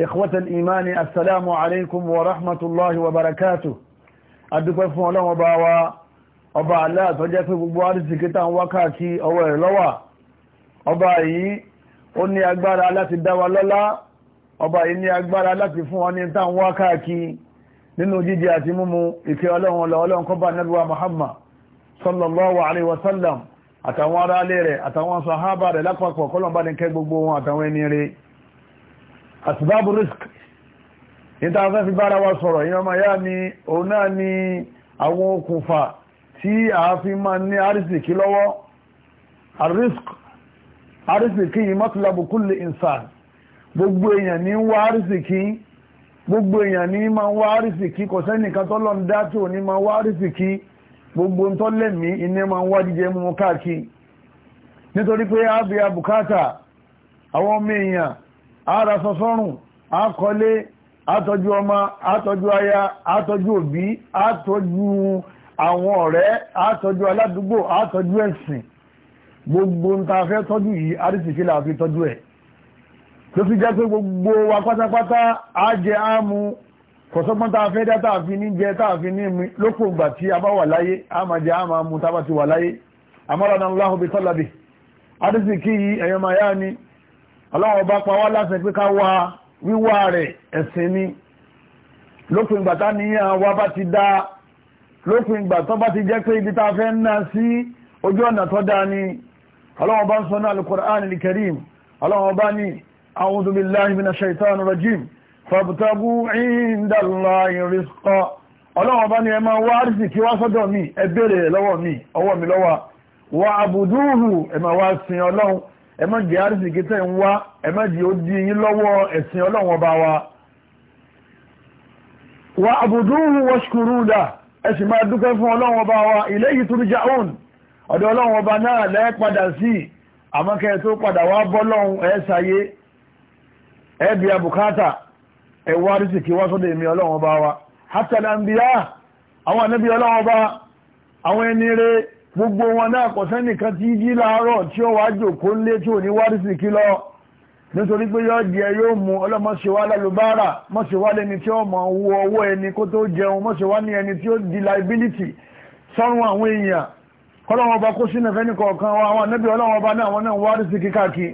إخوة الإيمان السلام عليكم ورحمة الله وبركاته أدوكم فون الله وباوا ọba Allah tó jẹ́ pé gbogbo àrísìkí tàn wákàtí ọwọ́ ẹ̀ lọ́wà ọba yìí ó ní agbára láti dá wa lọ́lá ọba yìí ní agbára láti fún wa ní tàn wákàtí nínú jíjẹ àti mímu ìkẹ́ ọlọ́run ọlọ́run kọ́bà nẹ́bíwá Muhammad sallallahu alaihi wasallam àtàwọn aráalé rẹ̀ àtàwọn sàhábà rẹ̀ lápapọ̀ kọ́lọ̀mbá ní kẹ́ gbogbo wọn àtàwọn ẹni rẹ̀ asbab risk níta afẹ́ fi bára wa sọ̀rọ̀ ìyàn ọmọ ìyá ni òun náà ni àwọn okùnfà tí a fi máa ní arísìkí lọ́wọ́ arisk arísìkí yìí matlabu kulli insan gbogbo èèyàn ní wá arísìkí gbogbo èèyàn ní máa wá arísìkí kò sẹ́nìkan tọ́lọ́ ń dá tí ò ní máa wá arísìkí ń wá jíjẹ mú káàkiri nítorí pé á abùkátà àwọn ọmọ èèyàn ara sọ́sọ́rùn akọlé àtọ́jú ọmọ àtọ́jú aya àtọ́jú òbí àtọ́jú àwọn ọ̀rẹ́ àtọ́jú aládùúgbò àtọ́jú ẹ̀sìn gbogbo ń ta fẹ́ tọ́jú yìí àrísìkí la fi tọ́jú ẹ̀ tó fi jẹ́ pé gbogbo wa pátápátá á jẹ áàmù kọ̀sọ́gbọ́n tá a fẹ́ dá tá a fi ní jẹ tá a fi ní mi lókò ìgbà tí a bá wà láyé a máa jẹ a máa mu tá a bá ti wà láyé amọ́ra náà láhùn bí tọ́lábì àrísìkí yìí ẹ̀yọ́ máa yá ni ọlọ́wọ́ bá pa wá láṣẹ pé ká wá wíwá rẹ̀ ẹ̀sìn ni lópin ìgbà tá ní àwa bá ti dá lópin ìgbà tó bá ti jẹ́ pé ibi tá fẹ́ ná sí ojú ọ̀nà tó dá ni ọlọ́wọ́ bá ń sọ náà al-Qur'an al-Karim bá ní billahi minash shaitanir rajim fabtagu inda Allahi rizqa ọlọ́wọ́ bá ní ẹ máa wá rísì mi ẹ béèrè wa abuduhu ẹ máa wá ẹ má jẹ́ àrísìkí tẹ́ ń wá ẹ má yín lọ́wọ́ ẹ̀sìn ọba wa wa àbùdúhù wọ́ṣkúrúdà ẹ sì máa dúpẹ́ fún ọlọ́run ọba wa ilayhi turja'un ọ̀dọ̀ ọlọ́run ọba náà lẹ́ padà sí àmọ́kẹ́ tó padà wá bọ́lọ́run ẹ ṣayé ẹ bí abùkátà ẹ wá àrísìkí wá sọ́dọ̀ èmi ọba wa àwọn gbogbo wọn náà kò sẹ́nìkan tí jí láàárọ̀ tí ó wá jòkó lé tí ò ní wárísì kí lọ nítorí pé yóò jẹ yóò mú ọlọ́mọṣẹ́wá lálùbárà mọ́ṣẹ́wá lẹni tí ó mọ̀ owó ọwọ́ ẹni kó tó jẹun mọ́ṣẹ́wá ní ẹni tí ó di liability sọ́run àwọn èèyàn kọ́lọ́wọ́ ọba kó sínú ẹ̀fẹ́ nìkọ̀ọ̀kan wa àwọn anábì ọlọ́wọ́ ọba náà wọn náà wárísì kíkàkí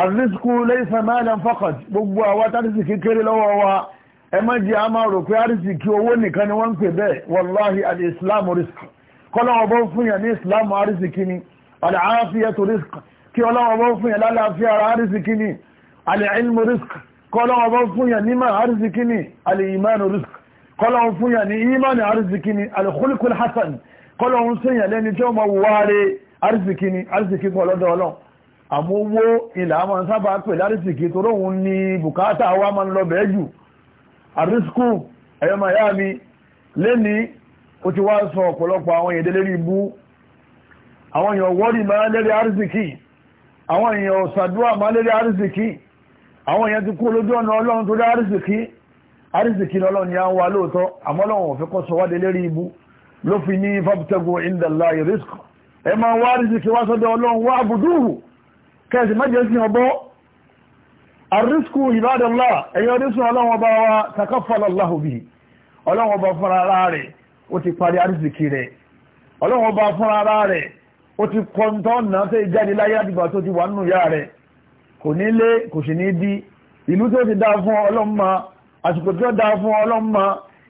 àrísìkú lẹ́yìn sàmáàlẹ̀ fọ́kàt gbogbo àwọn tárísìkí kéré lọ́wọ́ wa ẹ má jẹ́ a máa rò pé àrísìkí owó nìkan ni wọ́n ń pè bẹ́ẹ̀ wàláhi al-islam kọ́lọ́wọ́ bó fún yẹn ní ìsìlámù àrísìkí ni al-afiyatu rizq kí ọlọ́wọ́ bó fún yẹn lálàáfíà ara àrísìkí ni al-ilmu rizq kọ́lọ́wọ́ bó fún yẹn ní máa àrísìkí ni al-imanu rizq kọ́lọ́wọ́ fún yẹn ní ìmánu àrísìkí ni al-khulqul hasan kọ́lọ́wọ́ fún yẹn lẹ́ni tí ó mọ wáre àrísìkí ni àrísìkí pọ̀ lọ́dọ̀ ọlọ́run àmówó ilà a máa sábà pè lárísìkí tó lóhun ó ti wá sọ ọ̀pọ̀lọpọ̀ àwọn èdè lérí ibú àwọn èèyàn wọ́rì máa lérí arzikí àwọn èèyàn ṣàdúrà máa lérí arzikí àwọn èèyàn ti kú lójú ọ̀nà ọlọ́run tó rí arzikí arzikí lọ́lọ́run ni a ń wá lóòótọ́ àmọ́ sọ wádé lérí ibú ló fi ní inda Allahi ó ti parí àrísìkì rẹ̀ ọlọ́run ọba fúnra ara rẹ̀ ó ti kọ́ńtọ́ náà tó jáde láyé àdìgbà tó ti wà nínú ìyá rẹ̀ kò ní lé kò sì ní dí ìlú tó ti dáa fún ọlọ́mọ àsìkò tó dáa fún ọlọ́mọ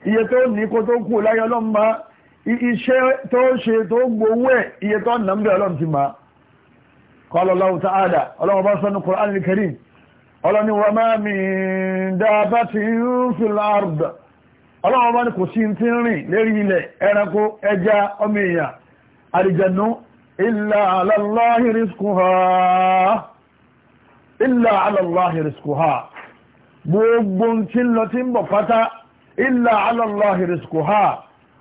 iye tó ní kó tó kú láyé ọlọ́mọ iṣẹ́ tó ṣe tó gbowó ẹ̀ iye tó nà ń bẹ̀ ọlọ́run ti máa قال الله تعالى الله بصن القرآن الكريم قال وما من دابة في الأرض ọlọ́run bá ní kò sí ti ń rìn lérí ilẹ̀ ẹranko ẹja ọmọ èèyàn àlìjànú illa ala Allahi rizquha illa ala Allahi rizquha gbogbo tí ń lọ tí ń bọ̀ pátá illa ala Allahi rizquha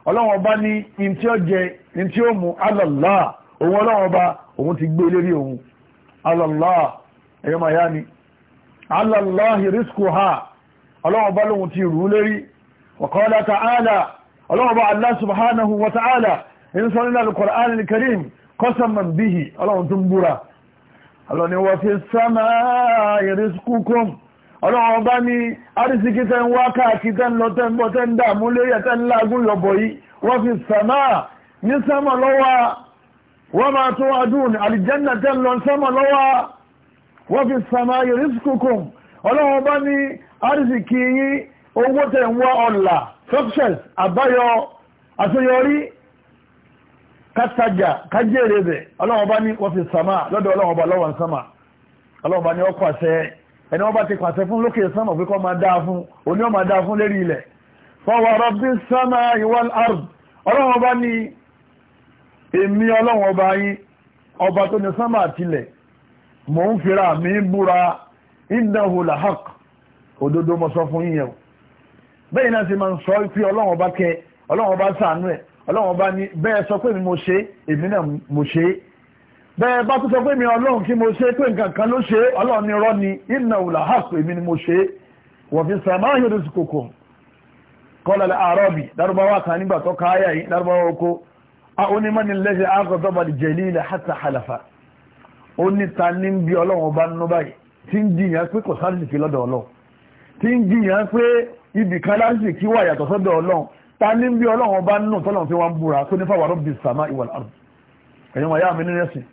ọlọ́run ọba ní ìntí ọjẹ́ ìntí ó mú ala Allah òun ọlọ́run ọba òun ti gbé lérí òun ala Allah ẹ̀yọ́ ni ala ọlọ́run ọba lóhun ti rú lérí وقال تعالى الله الله سبحانه وتعالى إن صلنا القرآن الكريم قسما به الله تنبرا الله ni وفي السماء رزقكم ọlọ́run ọba ní àrísìkí tẹ́ ń wá káàkiri tẹ́ ń lọ tẹ́ ń bọ́ tẹ́ ń dààmú léyẹ tẹ́ ń lágún yọ̀bọ̀ yìí wọ́n fi sàmà ní sánmà lọ́wọ́ wọ́n máa tó adùn àlìjẹ́nà tẹ́ ń lọ sánmà lọ́wọ́ wọ́n fi sàmà yẹ̀rísìkúkùn ọlọ́run ọba ní àrísìkí yìí owó tẹ̀ nwa ọla ọ̀la success àbáyọ àṣeyọrí kátajà kájèrè bẹ̀ ọlọ́wọ́n ní wọ́n fi sàmà lọ́dọ̀ ọlọ́wọ́n lọ́wọ́n sàmà ọlọ́wọ́n ní ọkọ̀ àṣẹ ẹni wọ́n bá ti pàṣẹ fún lókè sàmà máa dáa fún òní ọmọ dáa fún lérí ilẹ̀ fọwọ́ rọ́bí sàmà ọba bẹ́ẹ̀ náà sì máa ń sọ pé ọlọ́run ọba kẹ ọlọ́run ọba sàánú ẹ̀ ọlọ́run ọba ní bẹ́ẹ̀ sọ pé mi mo ṣe èmi náà mo ṣe é bẹ́ẹ̀ bá tún sọ pé mi ọlọ́run kí mo ṣe pé nǹkan kan ló ṣe ọlọ́run ní rọ́ ni iná òlà hàpò èmi ni mo ṣe é wọ́n fi sàmá yòdò sí kòkò kọ́lá àrọ́bì lárúbáwá kan nígbà tó ká ayà yìí lárúbáwá oko a ó ní mọ́ni ibì kan láti kí wà yàtọ̀ sọ́dọ̀ ọlọ́run ta ní bí ọlọ́run ọba nù tọ́lọ́run fi wá ń búra tó ní fáwọn ọ̀bí sàmá ìwà àrùn ẹ̀yìn wọn mi nínú ẹ̀sìn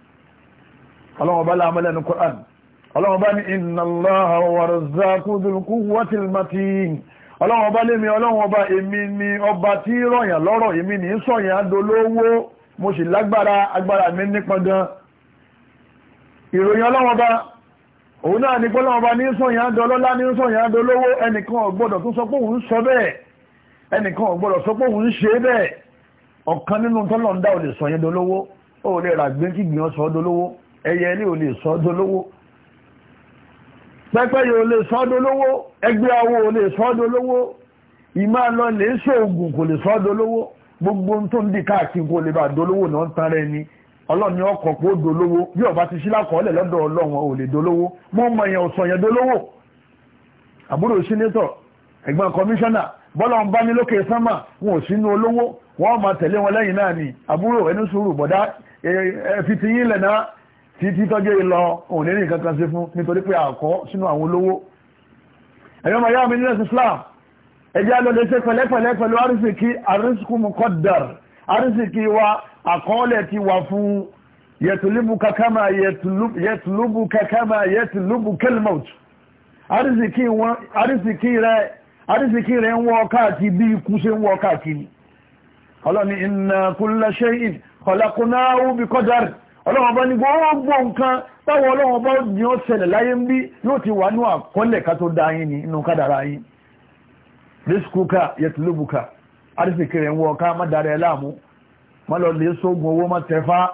ọlọ́run ọba láàmú lẹ́nu Qur'an ọlọ́run ọba ní inna Allaha war-razzaqu dhul quwwatil matin ọlọ́run ọba lémi ọlọ́run ọba èmi ni ọba tí rọ̀yàn lọ́rọ̀ èmi ní sọ̀yàn adolówó mo sì lágbára agbára mi nípọn gan ìròyìn ọlọ́run ọba òun náà ní pọ́lọ́ ọba ní sọ̀yìn àdọ́lọ́lá ní sọ̀yìn àdọ́lówó ẹnìkan ọ̀gbọ́dọ̀ tó sọ pé òun sọ bẹ́ẹ̀ ẹnìkan ọ̀gbọ́dọ̀ sọ pé òun ṣe bẹ́ẹ̀ ọ̀kan nínú tọ́lọ̀ ń dá ò lè sọ̀yìn dolówó ó lè rà gbé kí gbìyàn sọ dolówó ẹyẹ ilé ò lè sọ dolówó pẹ́pẹ́ yìí ò lè sọ dolówó ẹgbẹ́ awo ò lè sọ dolówó ìmá lọ lè ṣe oògùn kò lè sọ dolówó gbogbo tó ń dì káàkiri kò lè bá dolówó náà ń tan rẹ ni ọlọ́run ni ọkọ̀ pé ó dolówó bí ọba ti ṣí lákọọ́lẹ̀ lọ́dọ̀ ọlọ́run ò lè dolówó mo mọ èèyàn ọ̀sán yẹn dolówó àbúrò sínétọ̀ ẹ̀gbọ́n kọmíṣánná bọ́lá ń bá ní lókè sánmà wọn ò sínú olówó wọ́n máa tẹ̀lé wọn lẹ́yìn náà ni àbúrò ẹni sùúrù bọ̀dá ẹ̀fì ti yín lẹ̀ná tí títọ́jú ìlọ òun ní nǹkan kan sí fún nítorí pé àkọ́ sínú àwọn olówó ẹ̀yọ́ yá mi nílẹ̀ Islam ẹ̀jẹ̀ alọ́lẹ́sẹ̀ pẹ̀lẹ́pẹ̀lẹ́ pẹ̀lú àrísìkí àrísìkú muqaddar arísìkí wa àkọọ́lẹ̀ ti wà fún yẹtùlúbù kakama yẹtùlúbù kakama yẹtùlúbù kelmout arísìkí rẹ̀ ń wọ́ káàkiri bí ikú ṣe ń wọ́ káàkiri ọlọ́ni inna kulla shay'in khalaqnahu bi qadar ọlọ́wọ́n bá ní gbogbo nǹkan táwọn ọlọ́wọ́n bá ní ó ṣẹlẹ̀ láyé ń bí yóò ti wà ní àkọọ́lẹ̀ ká tó dá ní inú kádàrá yín rísíkúkà yẹtùlúbùkà àrísìkiri wọ ká má dára ẹ láàmú má lọ lè sógun owó má tẹfá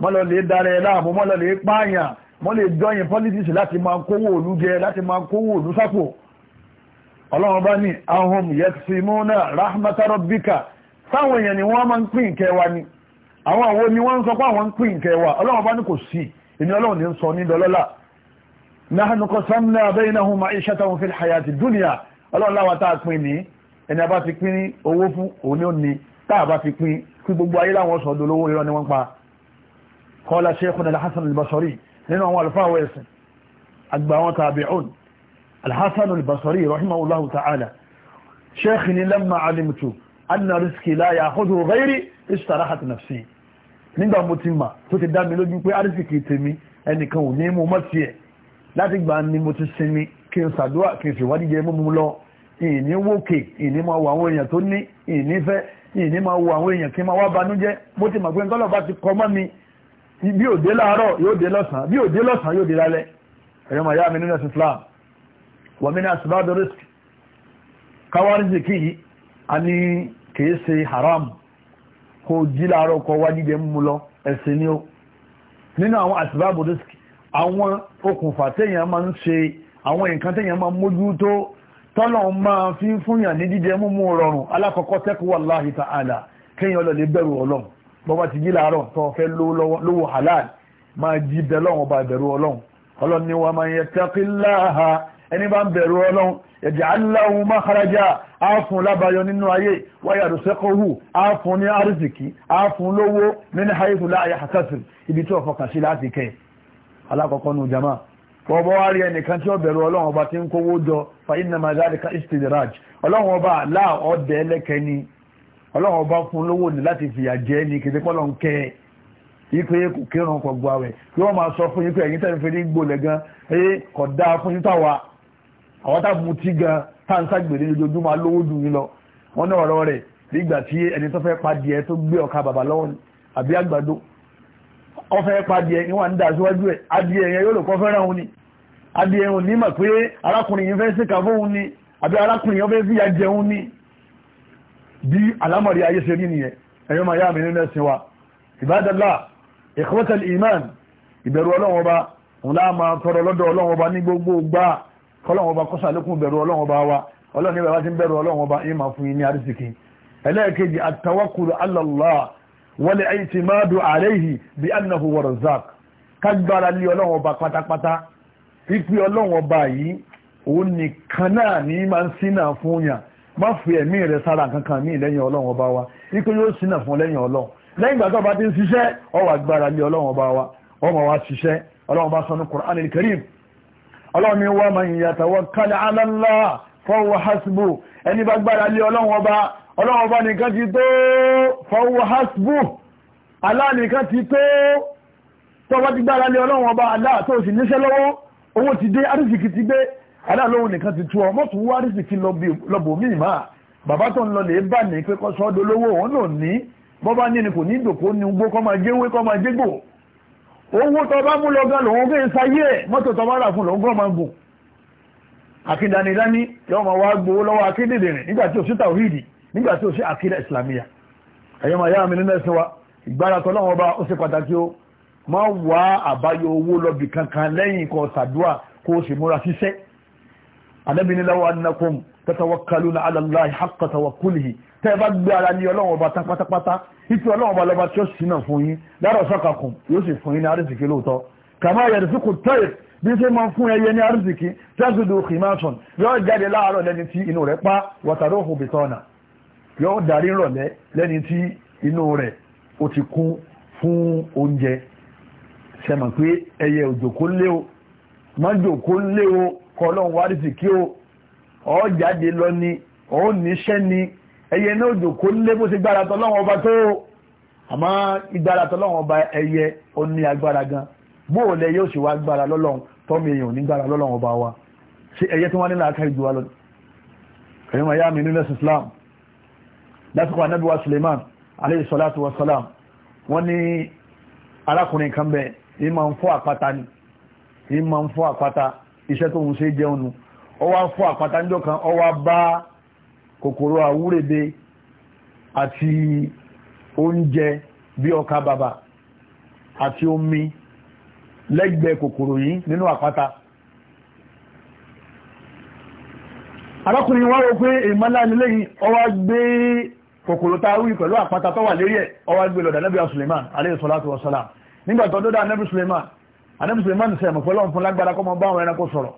má lọ lè dára ẹ láàmú má lọ lè pààyàn má lè jọyìn politics láti máa kówó òlú jẹ láti máa kówó òlú sápò ọlọ́run bá ní ahum yẹtìmúnà rahmatarobika táwọn èèyàn ni wọ́n máa ń pín ìkẹwà ni àwọn àwọn ni wọ́n ń sọ pé àwọn ń pín ìkẹwà ọlọ́run bá ní kò sí èmi ọlọ́run ní ń sọ ní dọlọ́lá nahnu qasamna bainahum ma'ishatahum fil hayati dunya ọlọ́run láwa tá a pín ní ẹni abá ti pín owó fún òun ní ó ní táà bá ti pín kí gbogbo ayé láwọn sọ̀dọ̀ olówó irọ́ ni wọ́n pa kọ́lá Sheikhuna alhassan albasori nínú àwọn alfáwọ̀ ẹ̀sìn àgbà àwọn tàbí'un alhassan albasori rahimahullahu ta'ala sheikh ni lamma alimtu anna riski la ya'khudhu ghairi istarahat nafsi nígbà mo ti mà tó ti dá mi lójú pé arísìkì ìní wókè ìní máa wo àwọn èèyàn tó ní ìní fẹ́ ìní máa wo àwọn èèyàn kí máa wá banújẹ́ mo ti mọ̀ pé nǹkan lọ́ba ti kọ́ mọ́ mi bí òde láàárọ̀ yóò dé lọ́sàn-án bí òde lọ́sàn-án yóò dé lálẹ́ ẹ̀yọ́ màá yá mi nínú ẹ̀sìn Islam wọ́n mi ní asibado risk káwárísì kì í a ní kìí ṣe haram kó jí láàárọ̀ kọ wá jíjẹ mú lọ ẹ̀sìn ni ó nínú àwọn asibado risk àwọn okùnfà téèyàn máa ń ṣe àwọn nǹkan téèyàn máa ń mójú tó tọ́lọ̀ máa fi fúnyàn ní jíjẹ múmú rọrùn alákọ̀ọ́kọ́ taqwallahi ta'ala kéèyàn lọ lè bẹ̀rù ọlọ́run bọ́bá ti jí láàárọ̀ tó fẹ́ lówó halal máa jí bẹ̀lọ́run ọba bẹ̀rù ọlọ́run ọlọ́run ni wa man yattaqillaha ẹni bá ń bẹ̀rù ọlọ́run yaj'al lahu makhraja áàfún lábáyọ nínú ayé wa yarzuqhu áàfún ní àrísìkí áàfún lówó min haythu la bọ́ọ̀bọ́ wá rí ẹnìkan tí ó bẹ̀rù ọlọ́run ọba tí ń kówó jọ fa iná mazalika istidraj ọlọ́run ọba láà ọdẹ ẹlẹ́kẹ́ ni ọlọ́run ọba fún lówó ní láti fìyà jẹ ní kété pọ́lọ́ ń kẹ́ ipe kò kírun kò gba rẹ̀ kí wọ́n máa sọ fún yín pé ẹ̀yin tẹ̀ ń fi ní gbolẹ̀ gan ẹ kò dáa fún yín táwa àwọn tá mu tí gan tá ń ságbèrè lójoojúmọ́ alówó dùn yín lọ wọ́n ní ọ̀rọ̀ rẹ̀ nígbà tí ẹni tó fẹ́ padìẹ tó gbé ọ̀ka bàbá lọ́wọ́ àbí àgbàdo ọ̀fẹ́ padìẹ ni wọ́n ń dà síwájú ẹ̀ adìẹ yẹn yóò lò kọ́ fẹ́ràn òun ni adìẹ ò ní mọ̀ pé arákùnrin yìí fẹ́ síkà fóun ni àbí arákùnrin yìí fẹ́ fìyà jẹun ni bí alámọ̀rí ayé ṣe rí nìyẹn ẹ̀yọ́ máa yá mi nínú ẹ̀sìn wa ìbádọ́lá ìkọ́tẹ̀lì iman ìbẹ̀rù ọlọ́run ọba òun láà máa tọrọ lọ́dọ̀ ọlọ́run ọba ní gbogbo gbà kọ́lọ́run ọba kọ́sàlékún ìbẹ̀rù ọlọ́run ọba wa ọlọ́run ní bàbá pátápátá pípí ọlọ́run ọba yìí òun nìkan náà ní máa ń sínà fún yàn má fi ẹ̀mí rẹ̀ sára kankan míì lẹ́yìn ọlọ́run ọba wa wípé yóò sínà fún lẹ́yìn ọlọ́run lẹ́yìn ìgbà tó bá ti ń ṣiṣẹ́ ó wá lé ọlọ́run ọba wa ó máa ṣiṣẹ́ ọlọ́run bá sọnù Qur'an al-Karim ọlọ́run ni wa man yatawakkal ala Allah fahuwa hasbu ẹni bá gbára lé ọlọ́run ọba ọlọ́run ọba nìkan ti tó fahuwa hasbu Allah nìkan ti tó tó bá ti gbára owó ti dé arísìkí ti dé aláàlóhun nìkan ti tú ọ mọ́tò wá arísìkí lọ́bù míì máa bàbá tó ń lọ lè bà ní pé kọ́ sọ́dọ̀ lówó òun náà ní bọ́ bá ní ni kò ní ìdòkó ní ugbó kọ́ máa jẹ́wé kọ́ máa jẹ́gbò owó tó bá mú lọ́gán lòun fẹ́ sáyé ẹ̀ mọ́tò tó bá rà fún lòun kọ́ máa gùn akídanidání yóò máa wá gbowó lọ́wọ́ akídèdèrè nígbà tí ò sí tàwíìdì nígbà tí ò sí akídà ìsìlámíyà ẹ̀yọ́ máa yá mi nínú ẹ̀sìn wa ìgbára tọ́lọ́wọ́n ọba ó ṣe pàtàkì o ma wá àbáyọ owó lọ́bì kankan lẹ́yìn kan sàdúà kó o sì múra síṣẹ́ Ànábì ní law annakum tatawakkaluna ala Allahi haqqa tawakkulihi tẹ́ bá gbé ara ní ọlọ́run ọba tán pátápátá ìtú ọlọ́run ọba lọ́ba tí ó sì náà fún yín lára ọ̀sọ́kàkùn yóò sì fún yín ní àrísìkí lóòótọ́ kàmá yẹ̀rìsìkò tẹ́ẹ̀ bí ṣe pa wàtàrọ̀ òhùn bìtọ́nà yóò darí rọ̀lẹ́ lẹ́ni tí inú rẹ̀ ó ti kún fún oúnjẹ sẹ́mọ̀ pé ẹyẹ òjòkó lé o má jòkó lé o kọlọ́n wárìsì kí o ọ jáde lọ ni ọ níṣẹ́ ni ẹyẹ náà òjòkó lé bó ṣe gbára tọ́lọ́wọ́n ọba tó àmọ́ ìgbára tọ́lọ́wọ́n ọba ẹyẹ ó ní agbára gan bó o lẹ yóò ṣe wá gbára lọ́lọ́run tọ́mọ èèyàn ní gbára lọ́lọ́run ọba wa ṣe ẹyẹ tí wọ́n ní láàká ìjù wa lọ ẹ̀yìn Islam lásìkò anábíwá Suleiman aleyhi salatu wa salam wọ́n ní arákùnrin kan bẹ́ẹ̀ ìmọ̀ ń fọ́ àpáta ni ìmọ̀ ń fọ́ àpáta iṣẹ́ tó ń ṣe jẹun nu ó wá fọ́ àpáta níjọ́ kan ó bá kòkòrò àwúrèdè àti oúnjẹ bí ọkà bàbà àti omi lẹ́gbẹ̀ẹ́ kòkòrò yìí nínú àpáta arákùnrin wá rò pé ìmọ́lá ilé yìí ó wá gbé kòkòrò táwí pẹ̀lú àpáta tó wà lérí ẹ̀ ó wá gbé lọ̀dà Nábì Suleiman alayhi salatu wa salam nígbà tó dọ́dọ̀ anabi suleiman anabi suleiman sẹ ẹ̀mọ̀ pẹ̀lú ọ̀fun lágbára kọ́ mọ bá àwọn ẹranko sọ̀rọ̀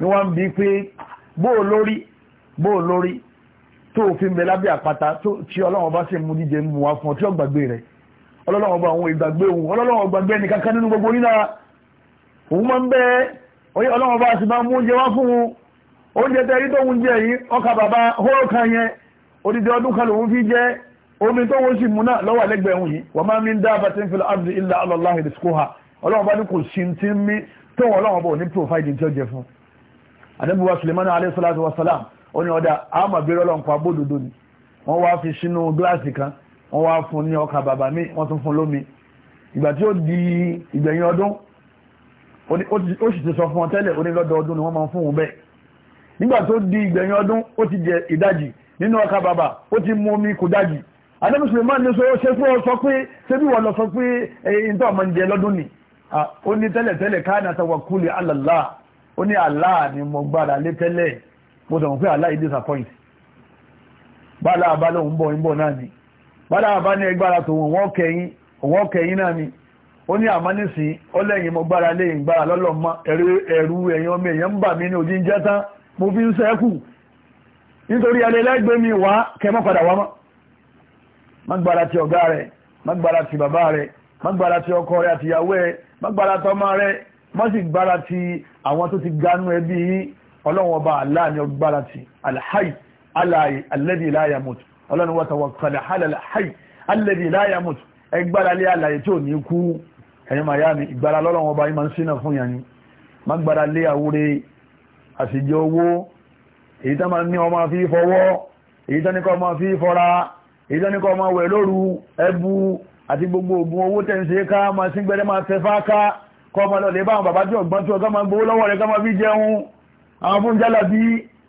ni wọ́n ń bi pé bó o lórí bó o lórí tó o fi ń bẹ lábẹ́ àpáta tí ọlọ́wọ́n bá sì mú díje mú wa fún ọ tí ó gbàgbé rẹ ọlọ́wọ́n bá àwọn ìgbàgbé òun ọlọ́wọ́n gbàgbé ẹnì kankan nínú gbogbo nínú òun máa ń bẹ oyè ọlọ́wọ́n bá sì máa mú oúnjẹ wá fún un oúnjẹ tẹ ẹrí tó ń jẹ yìí ọkà bàbá hóró kan yẹn odidi ọdún kan lòun fi jẹ omi tó wọ́n sì mú náà lọ́wọ́ lẹ́gbẹ̀ẹ́ òun yìí wọ́n máa ń ní dáàbà tí ń fi àbdì ilà alọ́láhì rìskóhà ọlọ́run bá ní kò sí ti ń mí tó wọn ọlọ́run bá ní profile tí ó jẹ fún anábíwá sulemani aleyhisalatu wasalam ó ní ọ̀dà àmà bèrè ọlọ́run pa bódodo ni wọ́n wá fi sínú gíláàsì kan wọ́n wá fún ní ọkà bàbá mi wọ́n tún fún lómi ìgbà tí ó di ìgbẹ̀yìn ọdún ó sì ti sọ fún ọ nínú ọkà bàbà ó ti mú omi kò dájì anẹ́bùsùlùmá ní sọ ṣe fún ọ sọ pé ṣe bí lọ sọ pé ẹ̀yìn tó ọmọ ìjẹ ni ó ní tẹ́lẹ̀tẹ́lẹ̀ alàlá ó ní ni mo gbára lé tẹ́lẹ̀ mo sọ̀rọ̀ pé àlá disappoint bálá ń bọ̀ ń bọ̀ náà ni bálá àbá ní ẹgbára náà ni ó ní àmá nísìn ó lẹ́yìn mo gbára lé ẹ̀yìn ọmọ magbára ti ọ̀gá rẹ̀ magbára ti bàbá rẹ̀ magbára ti ọkọ rẹ̀ àti ìyàwó ẹ̀ magbára tọmọ rẹ̀ má sì gbára ti àwọn tó ti gánú ẹbí ọlọ́run ọba Allah ọgbára ti alhayy alayi alladhi la yamut ọlọ́run wa tawakkal ala alhayy alladhi la yamut ẹgbára lé alayi tí ò ní kú ẹ̀yìn màyá mi ìgbára lọ́lọ́run ọba yìí máa ń sínà fún yàn ni magbára lé àwúre àṣìjẹ owó èyí tán máa ní ọmọ fi èyí tán ní kọ́ ọmọ fi ìdánilkọ́ ọmọ wẹ̀ lóru ẹbu àti gbogbo ogun owó tẹ́ǹsẹ̀ ká ma sí gbẹ́rẹ́ ma fẹ́ fáká kọ́ ọmọ lọ lè bá àwọn bàbá tí ọgbọ́n tí ọgá ma gbowó lọ́wọ́ rẹ̀ ká ma fi jẹun àwọn fún jálà bí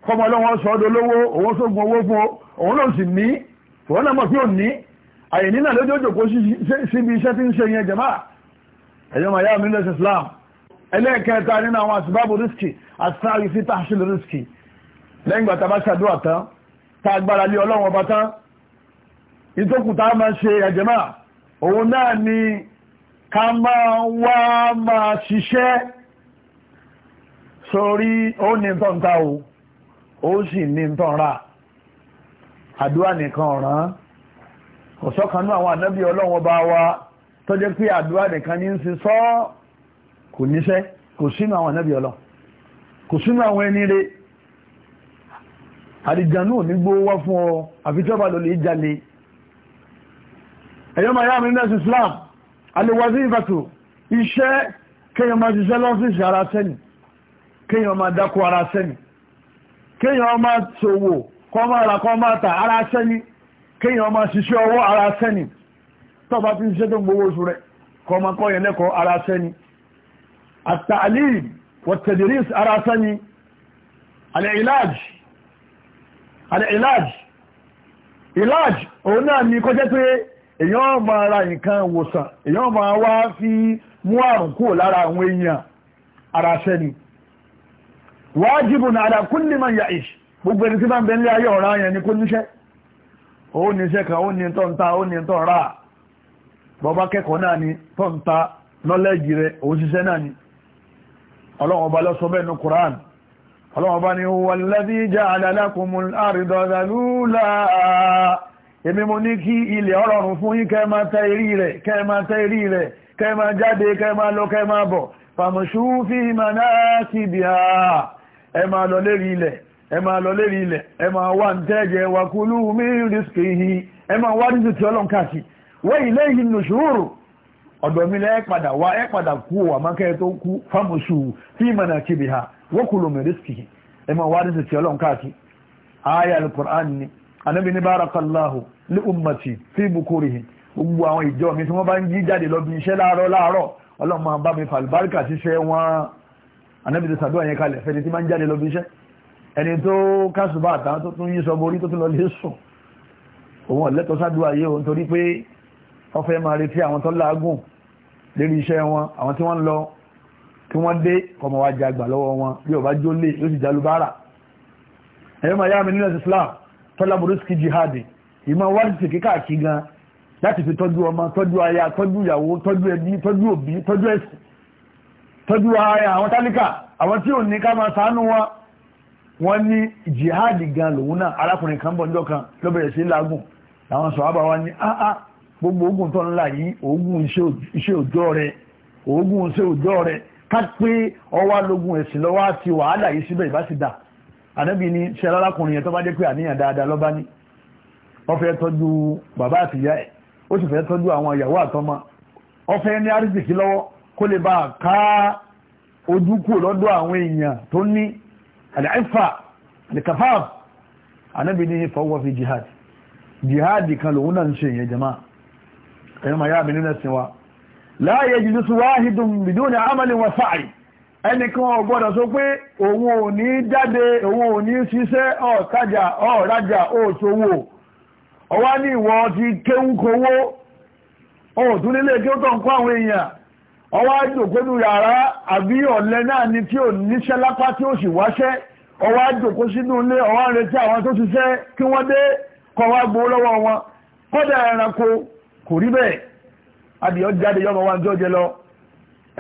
kọ́mọ lọ́wọ́ sọ ọdọ lówó òun sógun owó fún òun náà sì ní òun náà mọ̀ pé ò ní àyè nínà lójójò kó síbi iṣẹ́ tí ń ṣe yẹn jẹ̀má ẹ̀yọ́ màá yá mi lẹ́sìn Islam ẹlẹ́ẹ̀kẹta nínú àwọn àsìbábù rísìkì àsáàrí sí tàṣílù rísìkì lẹ́yìn gbàtà bá ṣàdúrà tán tá agbára lé Ọlọ́run ọba tán ìtókùtà máa ṣe ẹ̀jẹ̀má òun náà ni ká máa wá máa ṣiṣẹ́ sórí ó ní tọ́ntà o ó sì ní tọ́nra àdúrà nìkan ọ̀ràn ọ̀sọ́kanú àwọn ànábì ọlọ́wọ́ bá wa tó jẹ́ pé àdúrà nìkan ní ń ṣe sọ́ kò níṣẹ́ kò sínú àwọn ànábì ọlọ́wọ́ kò sínú àwọn ẹni rẹ̀ àdìjànú ò ní gbówó wá fún ọ àfi tí ọba lọ lè jalè ẹ̀yọ́mọ̀ ayá mi nẹ́sì Islam alẹ́wàzí ìfàtò iṣẹ́ kéèyàn máa ṣiṣẹ́ lọ́fíìsì ara sẹ́ni kéèyàn máa dákó ara sẹ́ni kéèyàn máa ṣòwò kọ́ máa ra kọ́ máa ta ara sẹ́ni kéèyàn máa ṣiṣẹ́ ọwọ́ ara sẹ́ni tó ti ń ṣe tó gbowó oṣù rẹ̀ kọ́ kọ́ yẹn lẹ́kọ̀ọ́ ara sẹ́ni at-ta'lim wat ara sẹ́ni al-ilaj al-ilaj ilaj òun náà ni kọjẹ́ pé èyàn ọmọ ara nǹkan ìwòsàn èyàn ọmọ wa fi mú àrùn kúrò lára àwọn èèyàn ara sẹ́ni wájìbù náà àdá kúlì máa yà gbogbo ẹni tí bá ń bẹ nílé ayé ọ̀rá yẹn ni kó níṣẹ́ ó níṣẹ́ kan ó ní ó ní bọ́bá kẹ́kọ̀ọ́ náà ni tọ́ ń náà ni ọlọ́run ọba lọ́sọ bẹ́ẹ̀ ní Qur'an ọba ni wọ́n lẹ́bí èmi mo ní kí ilẹ̀ ọ̀rọ̀rùn fún yín kẹ́ máa tẹ irí rẹ̀ kẹ́ máa tẹ irí rẹ̀ kẹ́ máa jáde kẹ́ máa lọ kẹ́ máa bọ̀ fàmùsù fi máa náà sí ibi ha ẹ máa lọ lérí ilẹ̀ ẹ máa lọ tẹ́jẹ wà kúlú mí rìsìkì ẹ máa wá wọ́n ilé yìí nù ọ̀dọ̀ mi padà lé ummati fi bukurihim gbogbo àwọn ìjọ mi tí wọ́n bá ń jí jáde lọ bí iṣẹ́ láàárọ̀ láàárọ̀ ọlọ́run máa bá mi fàlùbáríkà ṣiṣẹ́ wọn anábì ti sàdúrà yẹn kalẹ̀ fẹ́ni tí máa ń jáde lọ bí iṣẹ́ ẹni tó kásùbà àtà tó tún yí sọ borí tó tún lọ lè sùn òun ọ̀lẹ́tọ̀ sàdúrà yìí òun torí pé wọ́n fẹ́ máa retí àwọn tó láàgùn lérí iṣẹ́ wọn àwọn tí wọ́n lọ kí wọ́n dé kọmọ wa jàgbà lọ́wọ́ wọn bí ọba jó lè yóò sì jálubára ẹ̀yọ́ màá yá mi nílẹ̀ Islam tọ́lá burúkú jihadi ìmọ̀ wá ní ṣèké káàkiri gan láti fi tọ́jú ọmọ tọ́jú aya tọ́jú ìyàwó tọ́jú ẹbí tọ́jú òbí tọ́jú ẹ̀sìn tọ́jú aya àwọn tálíkà àwọn tí ò ní ká máa ṣàánú wọn wọ́n ní jihadi gan lòun náà arákùnrin kan bọ̀ níjọ́ kan ló sí lágùn làwọn sọ̀hábà wa ní áá ah, ah, gbogbo ogun tó ńlá yìí ogun iṣẹ́ òjọ́ rẹ̀ ogun iṣẹ́ òjọ́ rẹ̀ ká pé ọwá lógun ẹ̀sìn lọ́wọ́ àti wàhálà yìí síbẹ̀ ìbá sì dà ànábì ní ṣe arákùnrin yẹn tó bá jẹ́ pé àníyàn dáadáa lọ́ba ní wọ́n fẹ́ tọ́jú bàbá àtìyá ẹ̀ ó sì fẹ́ tọ́jú àwọn ìyàwó àtọmọ wọ́n fẹ́ ní àrísìkí lọ́wọ́ kó lè bá ká ojú lọ́dọ̀ àwọn èèyàn tó ní àlẹ́fà àlẹ́kàfáà anábì ní fọwọ́ fi jihad jihad kan lòun náà ń ṣe ìyẹn jama ẹ̀yọ́ màá yá mi nínú ẹ̀sìn wa láàyè jìdú sí wáhídùn bìdún ní amalin wa sáàì ẹnìkan ọgbọ́dọ̀ sọ pé òun ò ní jáde òun ò ní ṣiṣẹ́ ọ̀tajà ọ̀rajà òṣòwò ọwá ní ìwọ ti kéhùnkowó ọ̀tún nílé kí ó tàn àwọn èèyàn ọwá jòkónú yàrá àbí ọ̀lẹ náà ni tí ò níṣẹ́ lápá tí ó sì wáṣẹ́ ọwá jòkó sínú ilé ọwá retí àwọn tó ṣiṣẹ́ kí wọ́n dé gbó lọ́wọ́ wọn ẹranko kò wa tí ó lọ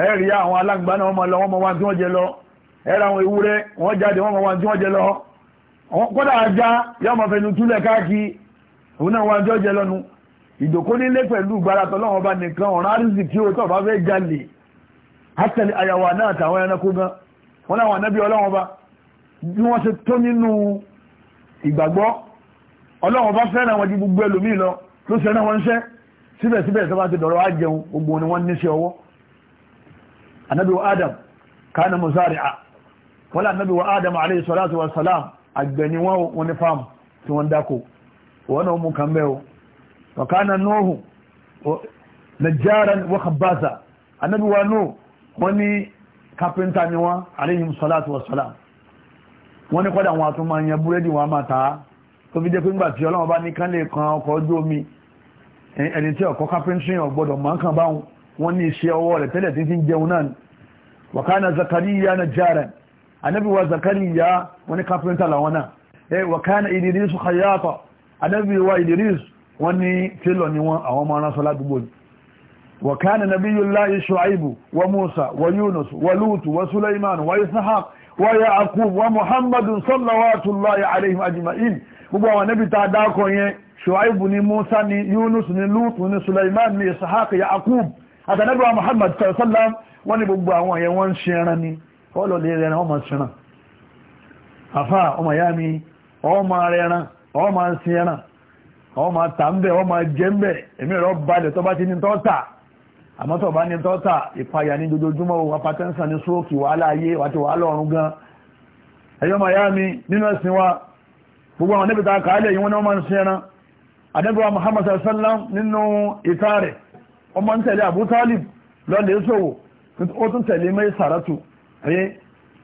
ẹ̀rí àwọn alágbá náà lọ lọ àwọn ewúrẹ́ jáde mọ wa tí lọ òun náà wọ́n jọ́ jẹ lọ́nu ìdòkónílé pẹ̀lú gbáratọ̀ lọ́wọ́ bá nìkan ọ̀rán àrísì kí o tọ́ bá fẹ́ jalè hátẹ̀lẹ̀ àyàwó náà tàwọn ẹranko gan wọ́n láwọn ànábí ọlọ́wọ́n bá bí wọ́n ṣe tó nínú ìgbàgbọ́ ọlọ́wọ́n bá fẹ́ràn wọn ju gbogbo ẹlòmíì lọ ló ṣe rán wọn ṣẹ́ síbẹ̀síbẹ̀ tó bá ti dọ̀rọ̀ ajẹun gbogbo ni wọ́n níṣẹ́ ọwọ́ ànábí wa adam kánà musari'a wọ́n lá ànábí wa adam alayhi salatu wa salam àgbẹ̀ ni wọ́n tí wọ́n dákò wọ́n mú kan mẹ́o wakana nóhù najjaran wa khabbasa annabi wa nóhù wọ́n ní kápẹ́ntà ni wọ́n alayhim salatu wa salam wọ́n ní kọ́dà wọn àtún máa yan búrẹ́dì wọn máa ta tó fi jẹ́ pé ńgbà tí ọlọ́wọ́ bá ní kán lè kan ọkọ̀ ojú omi ẹni tí ọkọ̀ kápẹ́ntì ọgbọ́dọ̀ kápẹ́ntà làwọn anábì wa Idris wọ́n ní télọ̀ ni wọ́n àwọn ọmọ aránsọ ládùúgbò ni wa kana nabiyullahi Shu'aibu wa Musa wa Yunus wa Lutu wa Sulaiman wa Ishaq wa Ya'qub wa Muhammadun sallallahu alayhim ajma'in gbogbo àwọn anábì tá a dákọ̀ yẹn Shu'aibu ni Musa ni Yunus ni Lutu ni Sulaiman ni Ishaq Ya'qub àtànábì wa Muhammad sallallahu wọ́n ní gbogbo àwọn yẹn wọ́n ṣẹran ni ọlọ́lẹ̀ rẹ̀ wọ́n máa ṣẹran àfáà ọmọ ìyá ọmọ rẹ̀ ọ máa ń sin ẹran ọ máa tà ń bẹ̀ ọ máa jẹ́ ń bẹ̀ èmi rọ balẹ̀ tó bá ti ní tọ́ta àmọ́ tó bá ní tọ́ta ìpayà ní dojoojúmọ́ wa patẹ́ǹsàn ní sóòkì wàhálà ayé àti wàhálà ọ̀run gan ẹ̀yọ́ màá yá mi nínú ẹ̀sìn wa gbogbo àwọn níbitá kàálẹ̀ yìí wọ́n náà máa ń sin ẹran adẹ́gbẹ̀wà Muhammad sallam nínú ìta rẹ̀ ọmọ ń tẹ̀lé Abu Talib lọ́lẹ̀ ìṣòwò ó tún tẹ̀lé mẹ́ sàrátù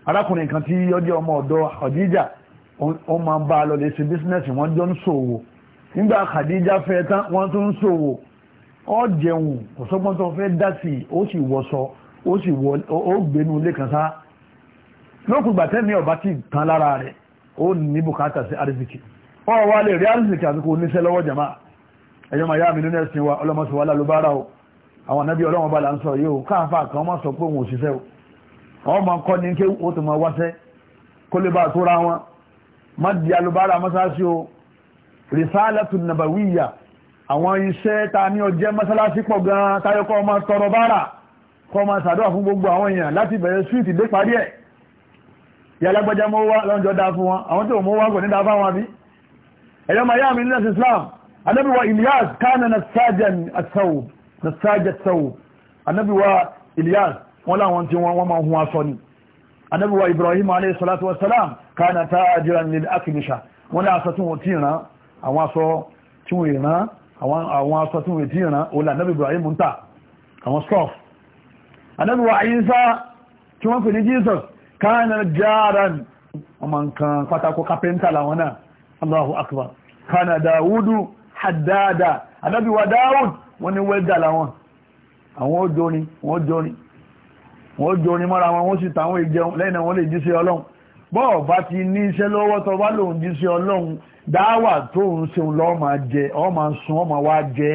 arákùnrin kan tí yọ́dí ọmọ ọ̀dọ́ Khadija ó máa bá a lọ lè ṣe bísínẹ́sì wọ́n jọ ń ṣòwò nígbà Khadija fẹ́ tán wọ́n tún ń ṣòwò ó jẹun kò sọ́gbọ́n tó fẹ́ dá sí i ó sì wọṣọ ó sì wọ ó gbénu ilé kan sá lókùn ìgbà tẹ́mi ọ̀bá ti tán lára rẹ̀ ó ní bùkátà sí arzikì ó wá lè rí arzikì àti kò níṣẹ́ lọ́wọ́ jama ẹ̀yọ́ màá yá mi nínú ẹ̀sìn wa ọlọ́mọṣẹ́ wa lálùbárà o àwọn anábì ọlọ́wọ́n bá là ń sọ yìí o káàfà kan má sọ pé òun òṣìṣẹ́ o ọmọ kọ́ ké o tó máa wáṣẹ́ kó tó ra wọn má di alubára mọ́sálásí o rìsáàlẹ̀tù nàbàwíyà àwọn iṣẹ́ ta ní ọjẹ́ mọ́sálásí pọ̀ gan tayọkọ́ ọmọ tọrọ bára kọ́ ma sàdọ́ fún gbogbo àwọn èèyàn láti bẹ̀rẹ̀ súwìtì dé parí ẹ̀ yàlágbọ́já mọ́ wá lọ́njọ́ dá fún wọn àwọn tó mọ́ wá kò ní dá fáwọn àbí ẹ̀yọ́ ma yá mi nílẹ̀ Islam anábíwa Ilyas kánà nasájẹ̀ sọ́wọ́ anábíwa Ilyas wọ́n láwọn tí wọ́n ma hun aṣọ Ànábì wa Ibrahim alayhi salatu wa salam kana tajiran lil akbisha wọ́n ní aṣọ tí wọ́n ti rán àwọn aṣọ tí wọ́n rán àwọn aṣọ tí wọ́n ti rán ó la Ànábì Ibrahim ń tà àwọn scarf Ànábì wa Isa tí wọ́n pè ní Jesus kana jaran ọmọ nǹkan pátákó kápẹ́ntà làwọn náà Allahu akbar kana Dawudu haddada Ànábì wa Dawud wọ́n ní wẹ́dà làwọn àwọn ó jóni wọ́n jóni wọ́n jó ní mọ́ra wọn wọ́n sì tàwọn ìjẹun lẹ́yìn náà wọ́n lè jíṣẹ́ ọlọ́run bọ́ọ̀ bá ti ní iṣẹ́ lọ́wọ́ tó bá lòun jíṣẹ́ ọlọ́run dáwà tó ń ṣeun lọ́ọ́ máa jẹ ọ́ máa sun ọ́ máa wá jẹ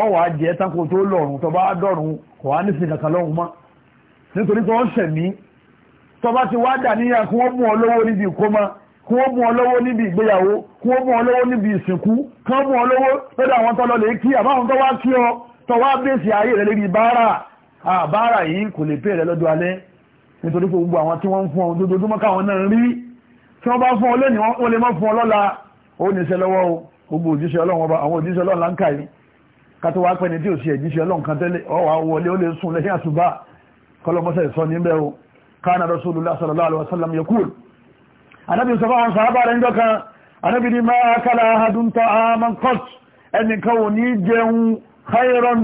ọ́ wà á jẹ táko tó lọ́rùn tó bá dọ̀rùn kò wá nísìn kankan lọ́rùn mọ́ nítorí pé wọ́n ṣẹ̀mí tó bá ti wá dà níyà kí wọ́n mú ọ lọ́wọ́ níbi ìkómọ kí wọ́n mú ọ lọ́wọ́ níbi ìgbéyàwó kí wọ́n mú ọ lọ́wọ́ níbi ìsìnkú kí wọ́n mú ọ lọ́wọ́ lọ́dọ̀ àwọn tó lè kí àbáwọn tó wá kí ọ tó wá bèsì ayé rẹ̀ lébi báárà àbára yìí kò lè pèrè lọ́dọ̀ alẹ́ nítorí pé gbogbo àwọn tí wọ́n ń fún ọ dódójúmọ́ káwọn náà rí tí wọ́n bá fún ọ lónìí wọ́n lè má fún ọ lọ́la ó ní iṣẹ́ lọ́wọ́ o gbogbo òjíṣẹ́ ọlọ́run ọba àwọn òjíṣẹ́ ọlọ́run láǹkà yìí ká tó wá pẹ́ ni tí ò sí ẹ̀jíṣẹ́ ọlọ́run kan tẹ́lẹ̀ ọwà wọlé ó lè sùn lẹ́yìn àsùbá kọlọmọsẹ̀ sọ ní bẹ́ẹ̀ o kana rasulullah sallallahu alaihi wasallam yaqul anabi sọ fáwọn sàábà rẹ̀ ńjọ́ kan anabi ni máa kala ahadun ta'aman qat ẹnìkan ò ní jẹun khairan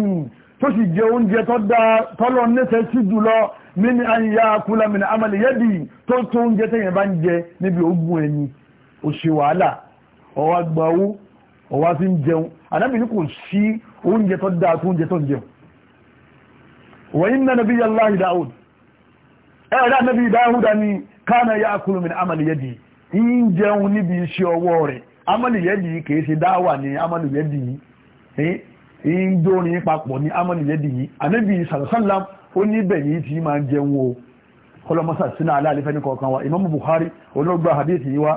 tó sì jẹ oúnjẹ tó dáa tọ́lọ sí jùlọ mini an ya kula mini amali yẹ́dì tó tó oúnjẹ tẹ́yìn bá ń jẹ níbi ogun ẹni ó ṣe wàhálà o gbàwó ọwá fi ń jẹun anábì kò sí oúnjẹ tó dáa tó oúnjẹ tó ń jẹun wa inna ẹ̀rọ kánà yẹ́dì ń jẹun níbi iṣẹ́ ọwọ́ rẹ̀ yẹ́dì ṣe ń dórin papọ̀ ní amọ́nìyẹ́dì yìí anábì sàlọ́sàlám ó ní ibẹ̀ yìí ti máa jẹun o kọlọmọsà sínú aláàlẹ́fẹ́ ní kọ̀ọ̀kan wa imam buhari olóògbà hadith yìí wa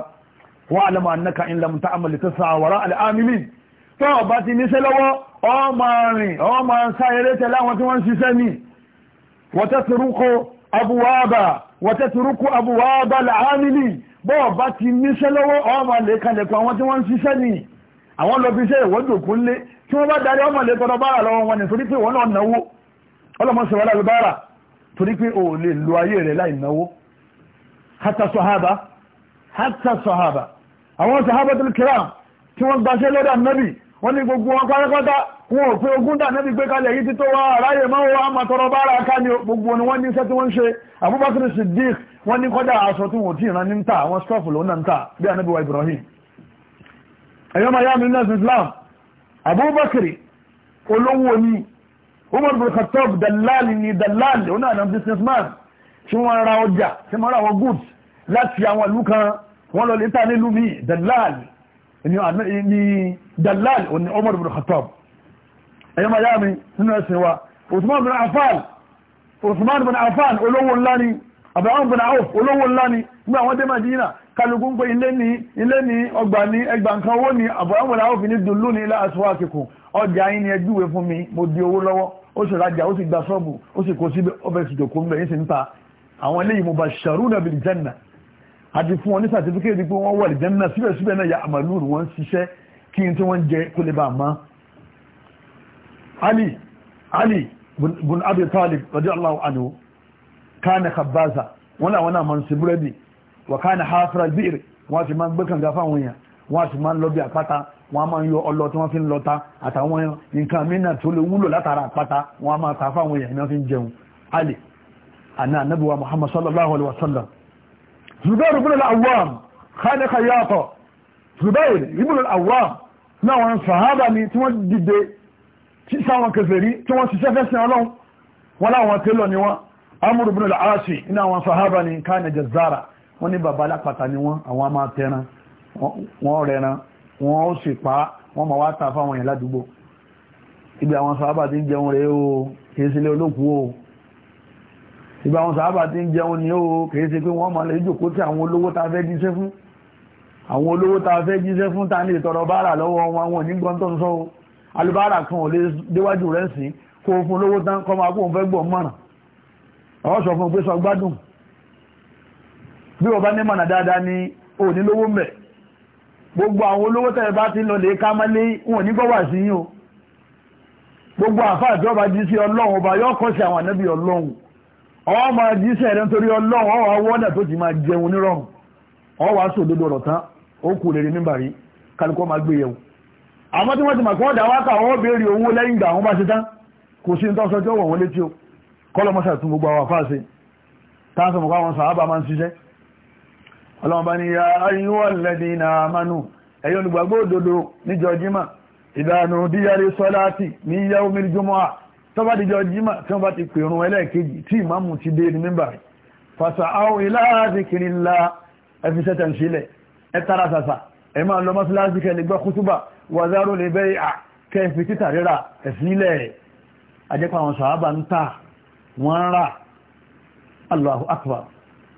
wa alama annaka in lam ta'amal tas'a wara al-amilin tó o bá ti níṣẹ́ lọ́wọ́ ọ máa rìn ọ máa sá àwọn lọ fi iṣẹ́ ìwọ́jòkú lé tí wọ́n bá darí ọmọ lè tọrọ bára lọ́wọ́ wọn ni torí pé wọ́n náà náwó ọlọ́mọsọ̀rọ̀ láti bára torí pé o lè lo ayé rẹ̀ láì náwó hátà sọ̀hábà hátà sọ̀hábà àwọn sọ̀hábà tó kíra tí wọ́n gbaṣẹ́ lọ́dà nábì wọ́n ní gbogbo wọn pátápátá wọn ò pé ogún dà nábì gbé kalẹ̀ yìí títọ́ wa aráyè máa wọ́n ní iṣẹ́ tí wọ́n ẹ̀yọ́ ma yá mi náà islam abubakar olówó ni umar bin khattab dalali ni dalali ó náà na businessman tí wọ́n ra ọjà tí wọ́n ra àwọn goods láti àwọn ìlú kan wọ́n lọ lè ta nílùú mi dalali ni dalali ó ní umar bin khattab ẹ̀yọ́ ma yá mi nínú ẹ̀sìn wa usman bin affan usman bin affan olówó ńlá ni abraham bin auf olówó ńlá ni nígbà wọ́n dé madina kálukú ń pé ilé ní ilé ní ọgbà ní ẹgbà nǹkan owó ní àbúráwọ̀lá òfin ní dùn lónìí ilá aṣọ àkìkù ọjà yín ni ẹjúwe fún mi mo di owó lọ́wọ́ ó sì rajà ó sì gba ṣọ́ọ̀bù ó sì kó síbẹ̀ ó bẹ̀rẹ̀ sì jòkó yín sì ń ta àwọn eléyìí mo bá ṣàrúnà bil janna àti fún wọn ní sàtífíkẹ́ẹ̀tì pé wọ́n wà lìjẹ́nà síbẹ̀síbẹ̀ náà ya àmàlùn wọn ṣiṣẹ́ kí n tí wọ́n jẹ kó lè bá máa ali ali bin abi talib radiyallahu anhu kana khabbaza wọn làwọn máa ń ṣe búrẹ́dì wàkánà hafra albir wọ́n sì máa ń gbé kànga fáwọn èèyàn wọ́n sì máa ń lọ bí àpáta wọ́n máa ń yọ ọlọ tí wọ́n fi ń lọta àtàwọn nǹkan mìíràn tó lè wúlò látara àpáta wọ́n máa ta fáwọn èèyàn náà fi ń jẹun alì àná anábíwa muhammad sallallahu alaihi wasallam zubairu ibn al-awwam khani khayyata zubairu ibn al-awwam náà wọn sàhábà ni tí wọ́n dìde tí sáwọn kèfèrí tí wọ́n ṣiṣẹ́ fẹ́ sin ọlọ́run wọn láwọn tẹ́lọ ni wọn amúrù ibn al-aṣi iná wọn sàhábà ni khani jazzara wọ́n ní bàbá alápàtà ni wọ́n àwọn a máa tẹran wọ́n rẹran wọ́n ó sì pa wọ́n máa wá ta fáwọn èèyàn ládùúgbò ibi àwọn sàábà ti ń jẹun rèé o kìí sílé olóòkú o ibi àwọn sàábà ti ń jẹun ni o kìí ṣe pé wọ́n máa lè jòkó tí àwọn olówó ta fẹ́ jíṣẹ́ fún àwọn olówó ta fẹ́ jíṣẹ́ fún ta ní ìtọrọ báárà lọ́wọ́ wọn àwọn onígbọ́n tó ń sọ o alubáárà kan ò lè déwájú rẹ̀ sìn kó fún olówó tán kọ́ máa kó òun fẹ́ gbọ́ mọ̀ràn ọ̀ sọ fún un pé sọ gbádùn bí ọba ní mọ̀nà dáadáa ní lówó mẹ́ gbogbo àwọn olówó tẹ́lẹ̀ bá ti lọ lè ká mọ́lé wọn ní gbọ́wà sí yín o gbogbo àfáà tí ọba jí sí ọlọ́run ọba yóò kọ́ sí àwọn ànábì ọlọ́run ọwọ́ máa jí sí ẹ̀rẹ́ nítorí ọlọ́run ọwọ́ awọ́dà tó ti máa jẹun nírọ̀rùn ọwọ́ aṣọ òdodo ọ̀rọ̀ tán ó kù lè rí nígbà rí kálukọ́ máa gbé yẹ̀wò àmọ́ tí wọ́n ti ọ̀dà wákà wọ́n béèrè owó bá ṣe sí nítorí ọsọ tí ó wọ̀ o kọ́lọ́mọ́sà tún gbogbo àwọn àfáà ṣe táwọn ọlọ́ọ̀bá ni ya ayyúwà lẹ́dí na amánú ẹ̀yọ́ olùgbàgbọ́ òdodo níjọ jímà ìdánù díyàrí sọ́láàtì ní yàwó mil jùmọ́à tó bá díjọ jímà tí wọ́n bá ti pèrún ẹlẹ́ẹ̀kejì tí ìmáàmù ti dé ní mímbà fàṣà àwọn sàábà Allahu akbar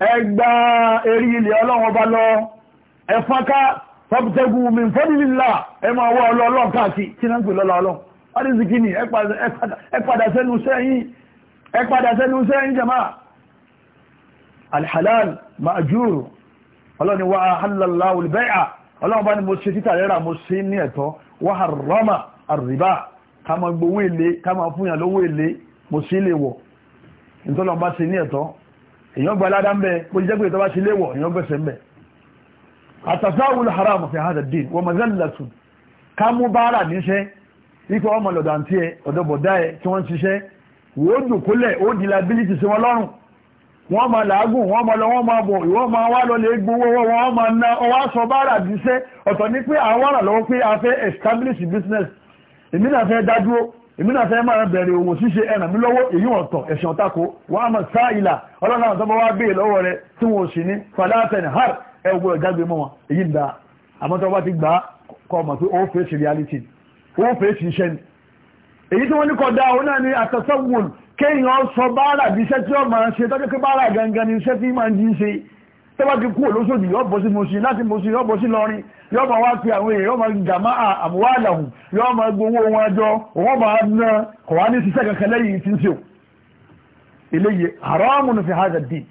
ẹgbà erí ilẹ̀ ọlọ́run ọba lọ ẹ̀fọ́ká fọ́pútẹ́gù mìfọ́nìlélà ẹ máa wá ọlọ́ọ̀lọ́ọ̀ káàkiri tí náà ń pè lọ́la ọlọ́run adìsíkí ni ẹ padà sẹ́nu sẹ́yìn ẹ padà sẹ́nu sẹ́yìn jama alhalal ma'jur ọlọ́ni wa ahallallahu al-bay'a ọlọ́run bá ní mo ṣe títà rẹ́ra mo ṣe ní ẹ̀tọ́ wa èyàn gba aládá ń bẹ kó jẹ́ pé tó bá ṣe léwọ̀ èyàn gbẹ̀sẹ̀ ń bẹ àtàsáwùl haram fi hada din wa mazallatu ká mú bára níṣẹ́ ipò ọmọ lọ́dọ̀ àǹtí ẹ ọ̀dọ̀bọ̀dá ẹ tí wọ́n ń ṣiṣẹ́ wò ó dùkúlẹ̀ ó di liability sí wọn lọ́rùn wọ́n máa làágùn wọ́n máa lọ wọ́n máa bọ̀ ìwọ́n máa wá lọ lè gbowó wọ́n máa ná ọwọ́ aṣọ bára níṣẹ́ ọ̀tọ̀ ní pé àwọn àrà lọ́wọ́ pé a fẹ́ establish business èmi náà fẹ́ dádúró èmi náà fẹ́ máa bẹ̀rẹ̀ òwò ṣíṣe ẹ̀nà mi lọ́wọ́ èyí ọ̀tọ̀ ẹ̀sìn ọ̀tako wọ́n á mọ̀ sáà ìlà ọlọ́run àwọn tó bá gbé lọ́wọ́ rẹ tí wọ́n sì ní falatani har ẹ̀wọ̀ ìdágbé mọ́ wọn èyí ń da àmọ́ tó bá ti gbà á kọ́ mọ̀ pé ó fèsì reality ó fèsì iṣẹ́ ni èyí tí wọ́n ní kọ́ da òun náà ni àtọ̀sọ́wọ̀n kéèyàn sọ báárà bí iṣẹ́ tí ó máa ń ni iṣẹ́ tí tó bá ti kúrò lóṣòdì yọ́ bọ́ sí mọ́sí láti mọ́sí yọ́ bọ́ sí lọ́rin yọ́ ma wá pé àwọn èèyàn yọ́ ma jàmá àmúwá àdàhùn yọ́ ma gbowó wọn àjọ òun ma ná kò wá ní ṣiṣẹ́ kankan lẹ́yìn tí ń ṣe eléyìí haramun fi hadha din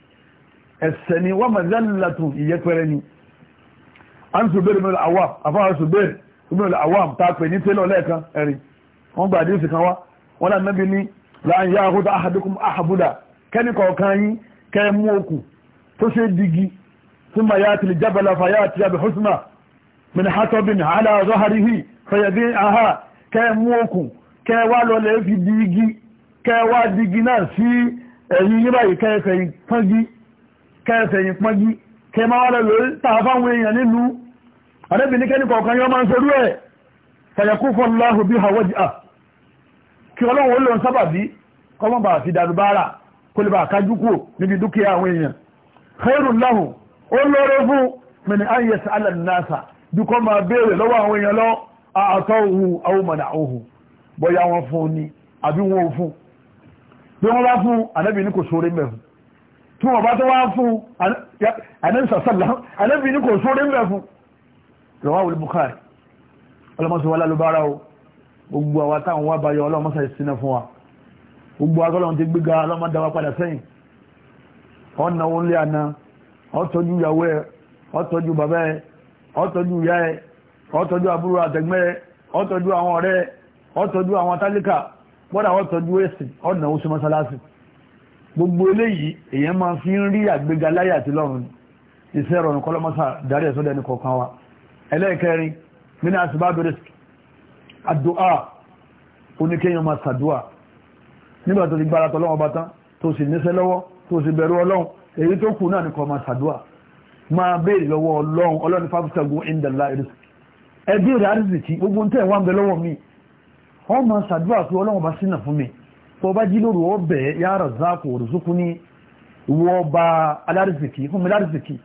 ẹ̀ṣẹ̀ ni wọ́n ma zálàtún ìyẹ́pẹ̀rẹ́ ni a ń sùbẹ́rẹ̀ mi àwà àfáà sùbẹ́rẹ̀ mi àwà ta pè ní tẹ́lọ̀ lẹ́ẹ̀kan ẹ̀rì wọ́n gbà àdéhùn kan wá wọ́n lá nábi ní láàyè àhúdà àhàdùkùn àhàbùdà kẹ́nìkọ̀ọ̀kan yín kẹ́ mú okùn tó ṣe digi ثم ياتي الجبل فياتي بحسمه من حطب على ظهره فيبيعها كموكو كوالو لي في ديغي كوا ديغي نا سي ايي باي كايفين فجي كايفين فجي كما ولا لو تا فاون ايان نيلو انا بي نكني كوكان يوم ان سرو اي فيكف الله بها وجهه kí ọlọ́run olóòrùn sábàbí kọlọ́mbà àti dàdùbára kó lè bá kájúkò níbi dúkìá àwọn èèyàn خير له ó lóore fún mẹ́ni ayé sàálà nasa dukọ́ máa béèrè لو àwọn èèyàn lọ àtọ́ òhu àwọn mọ̀nà òhu bọ́yá wọn fún ni àbí wọn ò fún bí wọ́n bá fún anábì ní kò sóore mẹ́fún tí wọ́n bá tó wá fún anábì ní kò sóore mẹ́fún rọwáwò Bukhari ọlọ́mọsí wà lálùbára o gbogbo àwọn táwọn wá bayọ ọlọ́mọsí ìsinà fún wa gbogbo agbọ́lọ́mọ ti gbíga ọlọ́mọdáwà padà sẹ́yìn ọ na lé ana ọtọju tọ́jú ẹ ọ tọ́jú bàbá ẹ ọ tọ́jú ìyá ẹ ọ tọ́jú àbúrò ẹ ọ tọ́jú àwọn ọ̀rẹ́ ẹ ọ àwọn ọ gbogbo eléyìí máa fi ń rí àgbéga láyé àti lọ́run iṣẹ́ ìrọ̀rùn kọ́lọ́mọ́sà dárí ẹni kọ̀ọ̀kan wa ẹlẹ́ẹ̀kẹrin nínú oníkéyàn máa nígbà tó ti gbára tọ́lọ́wọ́ bá tán tó sì níṣẹ́ lọ́wọ́ tó sì bẹ̀rù ọlọ́run èyí tó kù náà ní kó máa ṣàdúà máa béèrè lọ́wọ́ ọlọ́run ọlọ́run fáfíṣẹ́gun indala irisik ẹbí rẹ̀ arísìkí gbogbo ń tẹ́ wà ń bẹ lọ́wọ́ mi wọ́n máa ṣàdúà pé ọlọ́run bá sínà fún mi tó bá jí lóru ọ bẹ̀ ya Razzaqu òrùsùkú ní ìwọ ọba alárísìkí fún mi lárísìkí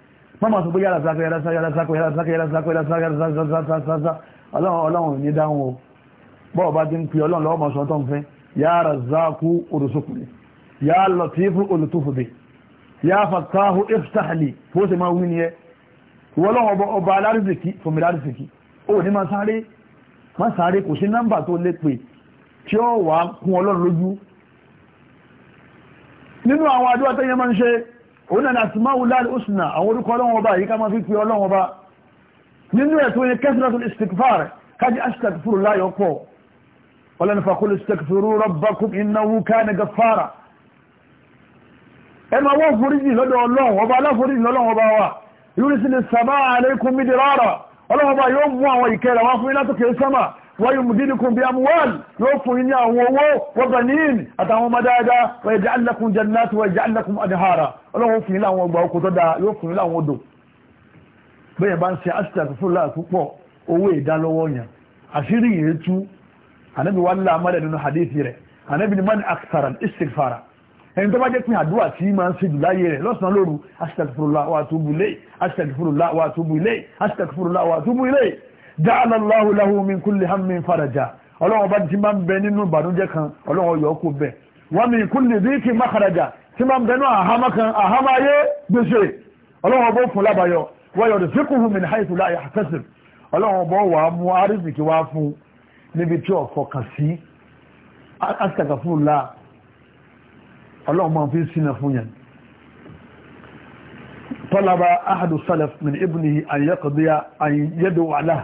wọ́n máa sọ pé ya Razzaqu ya Razzaqu ya Razzaqu ya Razzaqu ya Razzaqu ya Razzaqu ọlọ́run ní dáhùn o bọ́ọ̀ bá ti ń pè ọlọ́run lọ́wọ́ mọ̀ sọ́tọ́ ń fẹ́ ya Razzaqu òrùsùkú ní ya latifu olutufu bi ya fatahu iftahli bó ṣe máa wí ni ẹ wọ́lọ́wọ́ ọba alárísìkí fòmìlà arísìkí ó ní máa sáré máa sáré kò sí nọ́mbà tó lè pè tí ó wà kún ọlọ́run lójú nínú àwọn àdúrà tẹ́yẹ máa ń ṣe òun náà àti máa wùlá òsìnà àwọn orúkọ ọlọ́run ọba yìí ká máa fi pe ọlọ́run ọba nínú ẹ̀ tó yẹ kẹsìlọ́tún istikfar kájí asitagfuru láyọ̀ pọ̀ ọlọ́nifakul istakfuru rabbakum innahu kana gaffara ẹ máa wọ́n foríjì lọ́dọ̀ ọlọ́run ọba aláforíjì lọ́lọ́run ọba wa yúrí sí ni sàbá àlékún mi dìrára ọlọ́run ọba yóò mú àwọn ìkẹrẹ wá fún iná tó kéré sọ́mà wọ́n yóò mú dídì kún bí amúwọ́l yóò fún yín ní àwọn owó wọ́gbà níyìn àtàwọn ọmọ dáadáa wọ́n ìjà alákun jannati wọ́n ìjà ẹni tó bá jẹ́ pín àdúwà tí ma ń sejù láyé rẹ̀ lọ́sàn lóru astaghfirullah wa atubu ilayh astaghfirullah wa atubu ilayh astaghfirullah wa atubu ilayh ja'ala Allahu lahu min kulli hammin faraja ọlọ́run bá ti máa ń bẹ nínú ìbànújẹ́ kan ọlọ́run yọ kó bẹ̀ wa min kulli dhiqin makhraja tí máa ń bẹ náà àhámá kan àhámá ayé gbèsè ọlọ́run bó ọlọ́run máa fi sínà fún yẹn tọ́lába ahadu salaf min ibnihi àyẹ́kọ̀díyà àyẹ́dò wàlá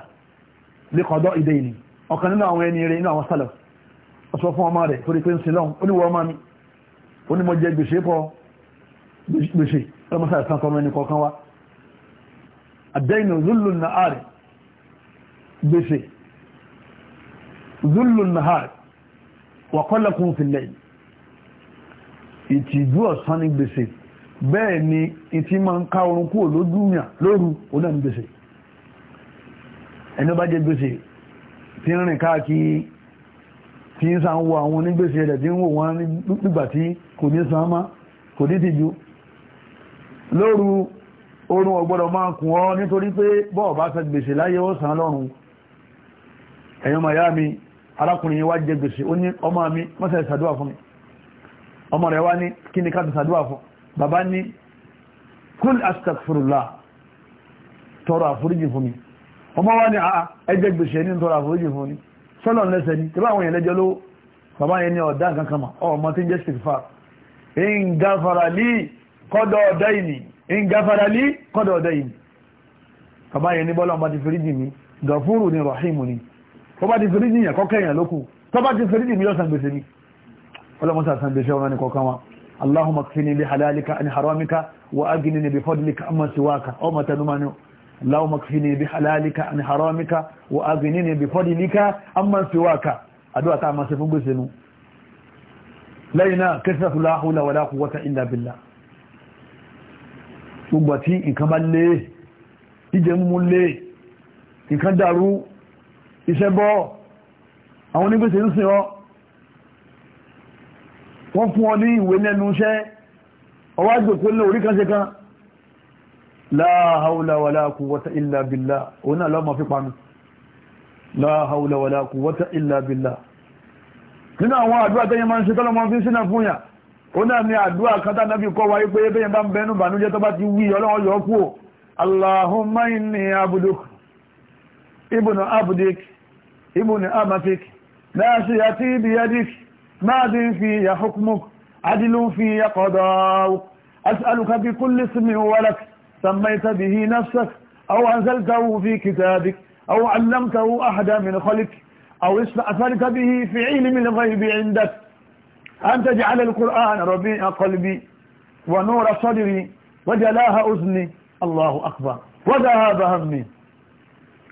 lẹ́kọ̀ọ́dọ́ ìdẹ́ ìní ọ̀kan nínú àwọn ẹni rẹ̀ inú àwọn salaf ọ̀sọ̀ fún ọmọ rẹ̀ torí pé ń sílọ́n oníwọ̀ ọmọ mi onímọ̀ jẹ gbèsè pọ̀ gbèsè ọlọ́mọsá ìsàn tọmọ ẹni ìtìjú ọ̀sán ní gbèsè bẹ́ẹ̀ ni ìtí máa ń ká orun kúrò lójúyàn lóru oná ní gbèsè ẹni bá jẹ gbèsè tí ń rìn káàkiri tí ń san wo àwọn onígbèsè rẹ̀ tí ń wò wọ́n nígbà tí kò ní san má kò ní tìjú lóru orun ọgbọ́dọ̀ máa kùn ọ nítorí pé bọ́ọ̀ bá fẹ́ gbèsè láyé ó san lọ́run ẹ̀yọ́ màyá arákùnrin wá jẹ gbèsè ó ní ọmọ mi mọ́sẹ̀ ìsàdúwà fún mi ọmọ rẹ̀ wá ní kí ni ká ti sàdúwà fún bàbá ní kúl astagfirullah tọrọ àforíjì fún mi ọmọ wá ní àá ẹjẹ́ gbèsè ní tọrọ àforíjì fún mi sọ́lọ̀ lẹ́sẹ̀ ní tí báwọn èèyàn lẹ́jọ́ lówó bàbá yẹn ní ọ̀dá kankan mà ọmọ tí ń jẹ́ stigfar in gáfara lí kọ́dọ̀ ọ̀dọ́ ìní in gáfara ọlọ́mọ́sá san bí ṣẹ́wọ́n ní kọ̀ọ̀kan wa allahumma kfini bi halalika an haramika wa aghnini bi fadlika amma siwaka o mata numanu allahumma kfini bi halalika an haramika wa aghnini bi fadlika amma siwaka àdúà ta ma ṣe fún gbèsè nu laina kasratu la hawla wala quwwata illa billah gbogbo tí nǹkan bá lé ìjẹ mú lé nǹkan dàrú iṣẹ́ bọ́ àwọn onígbèsè ń sin ọ́ wọ́n fún ọ ní ìwé lẹ́nu iṣẹ́ ọwá jòkó lé orí kan ṣe kan la hawla wala quwwata illa billah òun náà lọ́mọ fi panu la hawla wala quwwata illa billah nínú àwọn àdúrà tẹ́yìn máa ń ṣe tọ́lọ́mọ fi sínà fún yà ó náà ni àdúrà kan tá náà fi kọ́ wáyé pé ماض في حكمك عدل في قضاءك أسألك بكل اسم ولك سميت به نفسك أو أنزلته في كتابك أو علمته أحدا من خلقك أو استأثرت به في علم الغيب عندك أن تجعل القرآن ربيع قلبي ونور صدري وجلاها أذني الله أكبر وذهاب همي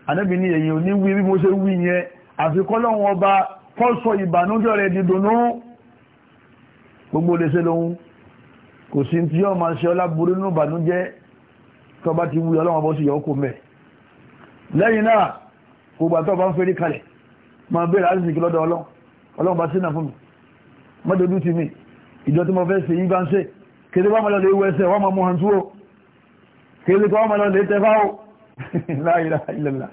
أنا بني يوني ويبي موسى ويني أفي قولون وبا kọ́ sọ ìbànújẹ́ rẹ̀ dìdùnú gbogbo lẹ́sẹ̀ lóhun kò sí tí yọ́ ma ṣe ọlá burú nínú ìbànújẹ́ tó bá ti wúyọ ọlọ́wọ́ bọ́ sí yọ́ kò mẹ́ lẹ́yìn náà gbogbo àtọ́ bá ń fẹ́rí kalẹ̀ ma bèèrè àrísìkí lọ́dọ̀ ọlọ́run ọlọ́run bá sínà fún mi mọ́dọ̀dú ti mi ìjọ tí mo fẹ́ ṣe yí bá ń ṣe kéde wọ́n mọ́lọ́lẹ̀ ewu ẹsẹ̀ wọ́n mọ́ mọ́ hàn túwò kéde kọ́ wọ́n mọ́lọ́lẹ̀ tẹfáwò láìláìlẹ̀lá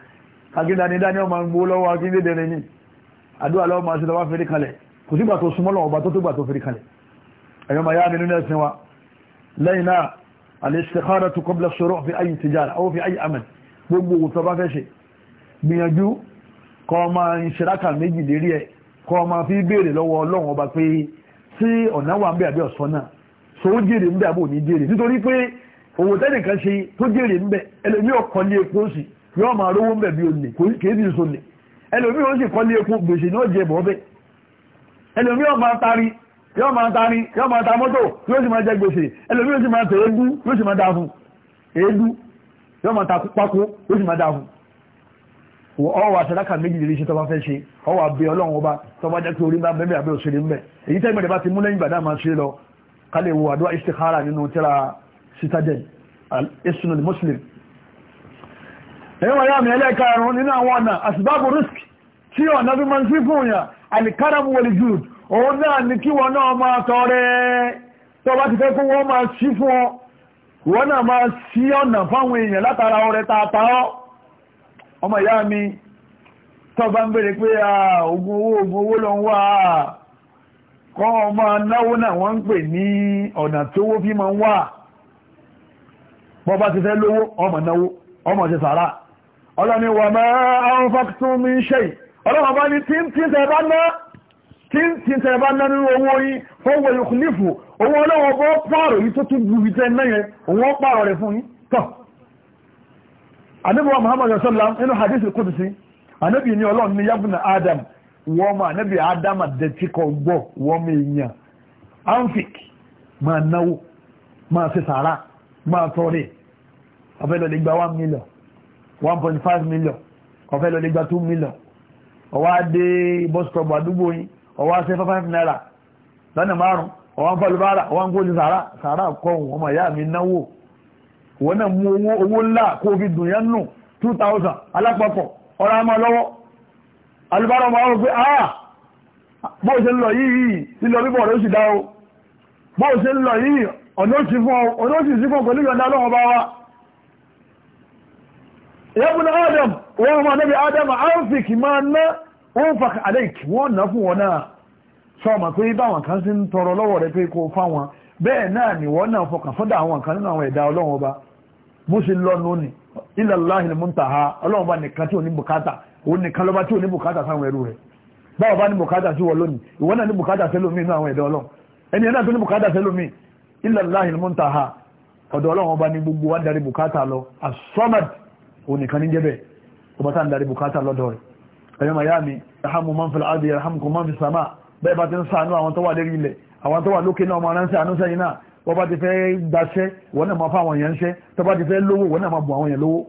akíndani dání ọmọ gbó lọ́wọ́ akíndédèrè ni àdúrà lọ́wọ́ máa ṣe lọ́wọ́ fèrè kalẹ̀ kò sígbà tó súnmọ́ lọ́wọ́ bá tó tó gbà tó fèrè kalẹ̀ ẹ̀yọ́ ma yá mi nínú ẹ̀sìn wa lẹ́yìn náà al-istikhara tu qabla shuru' fi ayi tijara aw fi ayi amal gbogbo òwò tó bá fẹ́ ṣe gbìyànjú kọ́ ma ń ṣeraka méjì lérí ẹ̀ kọ́ ma fi béèrè lọ́wọ́ ọlọ́run ọba pé tí ọ̀nà wà ń bẹ àbí ọ̀sán náà so ó jèrè ń bẹ àbò ní jèrè nítorí pé òwò tẹ́nìkan ṣe tó jèrè ń bẹ ẹlẹ́mí ọ̀kan ní epo sí yóò máa rówó ń bẹ bí olè kò kèé sì ẹlòmí ó sì kọ́lé epo gbèsè ní ó jẹ bọ́ọ̀bẹ̀ ẹlòmí ó máa tari yóò máa tari yóò máa ta mọ́tò yóò sì máa jẹ gbèsè ẹlòmí ó sì máa tẹ eégú yóò sì máa da fún eégú yóò máa ta pákó yóò sì máa da fún ọwọ́ àtàlákà méjìléléṣẹ́ tó bá fẹ́ ṣe ọwọ́ àbẹ́ ọlọ́run ọba tó jẹ́ pé orí bá bẹ́ẹ̀ àbẹ́ òṣèré ń bẹ̀ èyí tẹ́gbẹ̀rẹ̀ bá ti mú lẹ́yìn máa ṣe lọ kálẹ̀ wo àdúrà istikhara nínú tíra citadel al-isnul muslim ẹ̀yọ́n ya mi ẹlẹ́ẹ̀karùn-ún nínú àwọn ọ̀nà asbabu risk tí ọ̀nà bí máa ń sí fún yàn alikaramu wọlé jude òun náà ni kí wọn náà máa tọrẹ tó bá ti fẹ́ kó wọ́n máa sí fún ọ wọ́n náà máa sí ọ̀nà fáwọn èèyàn látara ọrẹ tààtà ọmọ mi tó bá ń bèèrè pé ogun owó ogun owó ló ń wá kọ́ ọmọ náwó náà fi máa ń bọ́ bá ti fẹ́ lówó ọmọ náwó ọmọ ọlọ́ni wà máa anfaqtum min shay ọlọ́wọ́ bá ní tí ń tí tẹ̀ bá ná tí ń tí tẹ̀ bá ná nínú owó yín fọwọ́ yukhlifu owó ọlọ́wọ́ bọ́ pààrọ̀ yìí tó tún ju ìtẹ́ náà yẹn òun ó pààrọ̀ rẹ̀ fún yín tọ̀ anábíwá muhammadu sallam nínú hadith kudusi anábì ní ọlọ́run ní yabuna adam wọ́n ma anábì adam àdẹ̀tí kọ gbọ́ wọ́n mi yàn anfik máa náwó million 1.5 million ọ̀fẹ́ lọ lè gba 2 million ọwá dé bọ́sítọ̀bù àdúgbò yìí ọwá ṣe 5 naira lọ́nà márùn ọwá ń fọ́ lùbára ọwá ń kó ní sàárà sàárà kọ̀hún ọmọ ìyá mi náwó wọ́n náà mú owó owó ńlá kó fi dùn yẹn nù 2000 alápapọ̀ ọ̀rọ̀ àmọ́ lọ́wọ́ alùbára ọmọ àwọn pé ah bó ṣe ń lọ yìí lílọ bíbọ̀ ló sì dá o bó ṣe ń lọ yìí ọ̀nà òsì fún ọ̀nà òsì sí fún ọ ìyọ̀ndà ọlọ́run bá wa yẹ́bùn adam wọ́n ma nẹ́bí adam arfik ma ná wọ́n fàkà alek wọ́n ná fún wọn náà sọ ma a báwọn kan sí ń tọrọ lọ́wọ́ rẹ pé kó fáwọn bẹ́ẹ̀ náà ni wọn náà fọkàn fọ́dà àwọn kan nínú àwọn ẹ̀dá ọlọ́run ọba bó ṣe lọ́nu ni ilallahi muntaha ọlọ́run ọba nìkan tí ò ní òun nìkan tí ò ní sáwọn ẹrú bá ní sí lónìí ìwọ náà onìkan ní jẹ́bẹ̀ ọba tá ń darí bukata lọ́dọ̀ rẹ̀ ẹ̀yọ́ miami rahamu man fil adi rahamuku man fi sama bẹ́ẹ̀ bá ti ń sànú àwọn tó wà lérí ilẹ̀ àwọn tó wà lókè náà máa ránṣẹ́ àánú sẹ́yìn náà wọ́n bá ti fẹ́ gbaṣẹ́ wọ́n náà máa fá àwọn èèyàn ṣẹ́ tó bá ti fẹ́ lówó wọ́n náà máa bù àwọn èèyàn lówó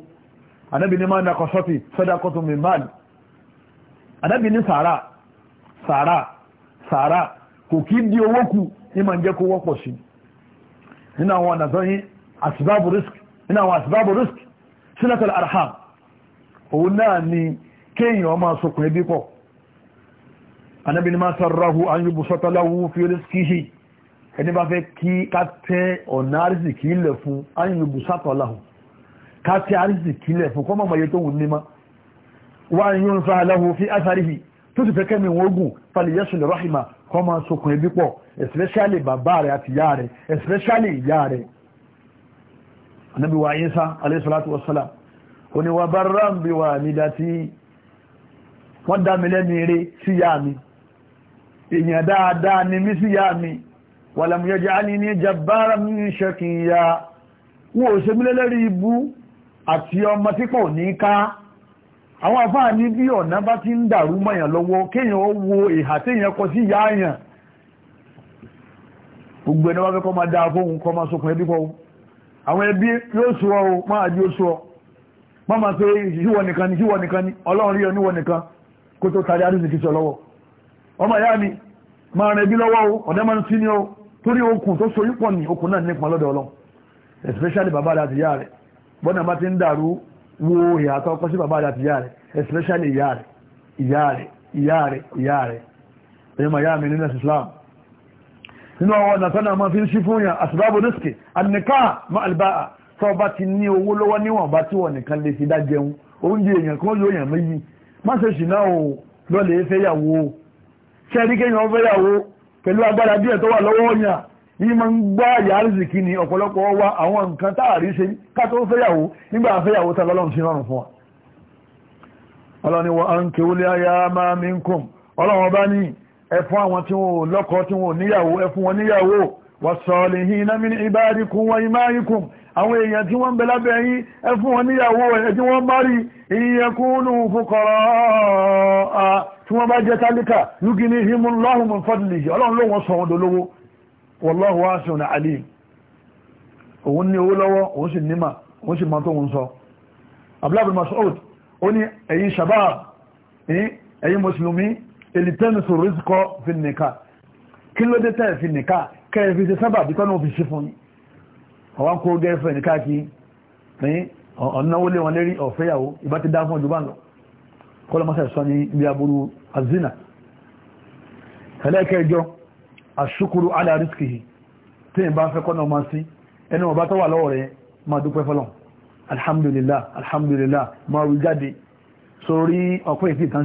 anábì ní máa nakọ̀ sọ́tì sọ́dà kọ́tù mi máàlì anábì ní sàárà sàárà sàárà kò kí di owó kù ní máa ń jẹ́ kó wọ́pọ̀ sí nínú àwọn àdàtọ́ yín àsìbáàbù risk nínú àwọn àsìbáàbù risk sílẹ̀tẹ̀ arham òun náà ni kéèyàn máa sokùn ẹbí pọ̀ anábi ni máa sarrahu an yóò bùsọ́tọ́ láwú fi ríṣkíhì ẹni bá fẹ́ kí ká tẹ́ ọ̀nà àrísìkí ilẹ̀ fún an yóò bùsọ́tọ́ láwú ká tẹ́ àrísìkí ilẹ̀ fún kọ́ mọ̀mọ̀ yẹ tó especially bàbá rẹ̀ especially ìyá anábí wa Isa alayhi salatu wassalam ó ní wa barran bi walidati wọ́n dá mi lẹ́nu eré sí yá mi èèyàn dáadáa ni mí sí yá mi walam yaj'alni jabbaran shaqiyya wọ́n ò ṣe mílẹ̀ lẹ́rí ibú àti ọmọ tí kò ní ká àwọn afáà ní bí ọ̀nà bá ti ń dàrú mọ̀yàn lọ́wọ́ kéèyàn ó wo ìhà téèyàn kọ sí ìyá àyàn gbogbo ẹni wá fẹ́ kọ́ máa dáa fóun kọ́ máa sokùn ẹbí kọ́ àwọn ẹbí yóò sọ ọ máa jí ó sọ ọ má máa pé ìṣíwọ nìkan ni ìṣíwọ nìkan ni ọlọ́run rí ọ níwọ nìkan kó tó tàrí àdúgbò kìí sọ lọ́wọ́ ọmọ ìyá mi máa rẹ bí lọ́wọ́ o ọ̀dẹ́ máa ń sí ni o torí okùn tó so yípọ̀ ní okùn náà nípa lọ́dọ̀ ọlọ́run especially bàbá rẹ àti ìyá rẹ bọ́nà bá ti ń dàrú wo ìyá tó kọ́ sí bàbá àti ìyá rẹ especially ìyá rẹ ìyá rẹ ìyá rẹ ìyá rẹ ẹ̀yọ́ Islam nínú àwọn ọ̀nà tánà máa fi ń ṣí fún yàn àṣìbábò rísìkì àníká ma'albáà tó bá ti ní owó lọ́wọ́ níwọ̀n bá tí wọ́n nìkan lè fi dájẹun oúnjẹ èèyàn kan yóò yàn méjì má ṣe ṣìná o lọ́lẹ̀ fẹ́yàwó ṣẹ́rí kéèyàn fẹ́yàwó pẹ̀lú agbára díẹ̀ tó wà lọ́wọ́ yàn yìí máa ń gbá yàrìsìkì ní ọ̀pọ̀lọpọ̀ wa àwọn nǹkan táàrí ṣe ká fẹ́yàwó nígbà fẹ́yàwó tá lọ́lọ́run ṣe rọrùn fún wa ọlọ́ni wa ankihu al-ayama minkum ọlọ́run ọba ní ẹ fún àwọn tí wọn ò lọ́kọ tí wọn ò níyàwó ẹ fún wọn níyàwó wassalihina min ibadikum wa imaikum àwọn èèyàn tí wọ́n ń bẹ lábẹ́ yín ẹ fún wọn níyàwó ẹ̀ tí wọ́n bá jẹ́ tálíkà yúgini himullahu min tẹlifẹ̀mùsù rísíkọ́ fi nìka kí ló dé tẹ́ẹ̀ fi nìka kẹ́ẹ̀fì ti sábà bí kọ́nà òfin ṣe fún yín àwọn kó gẹ́ẹ̀fẹ́ nìka kí ní ọ̀náwó lé wọn lérí ọ̀fẹ́yàwó ìbá ti dá fún ọjọ́ bá lọ kọ́lọ́mọ́sẹ̀ sọ ní ibi aburú azina ẹlẹ́kẹjọ àṣukuru ala rísíkì tí ìbá fẹ́ kọ́nà ọmọ sí ẹni ọba tó wà lọ́wọ́ rẹ̀ máa dúpẹ́ fọ́lọ́ alhamdulillah alhamdulillah ma wí jáde sórí ọkọ̀ ìfì kan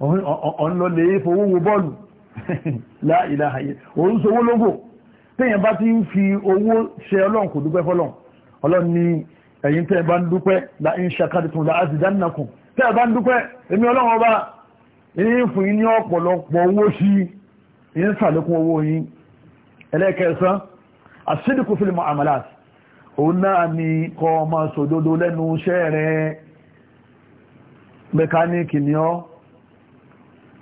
ọ̀n lọ lè fowó wo bọ́ọ̀lù láìláhàyè òun sowó lógò tẹ́yìn bá ti ń fi owó ṣe ọlọ́run kò dúpẹ́ fọ́lọ́run ọlọ́run ni ẹ̀yin tẹ́ bá ń dúpẹ́ la ń ṣakadìtún la azidannakum tẹ́ bá ń dúpẹ́ èmi ọlọ́run ọba ń fún yín ní ọ̀pọ̀lọpọ̀ owó sí i ń ni kọ́ ọmọ sòdodo lẹ́nu iṣẹ́ rẹ̀ ni ọ́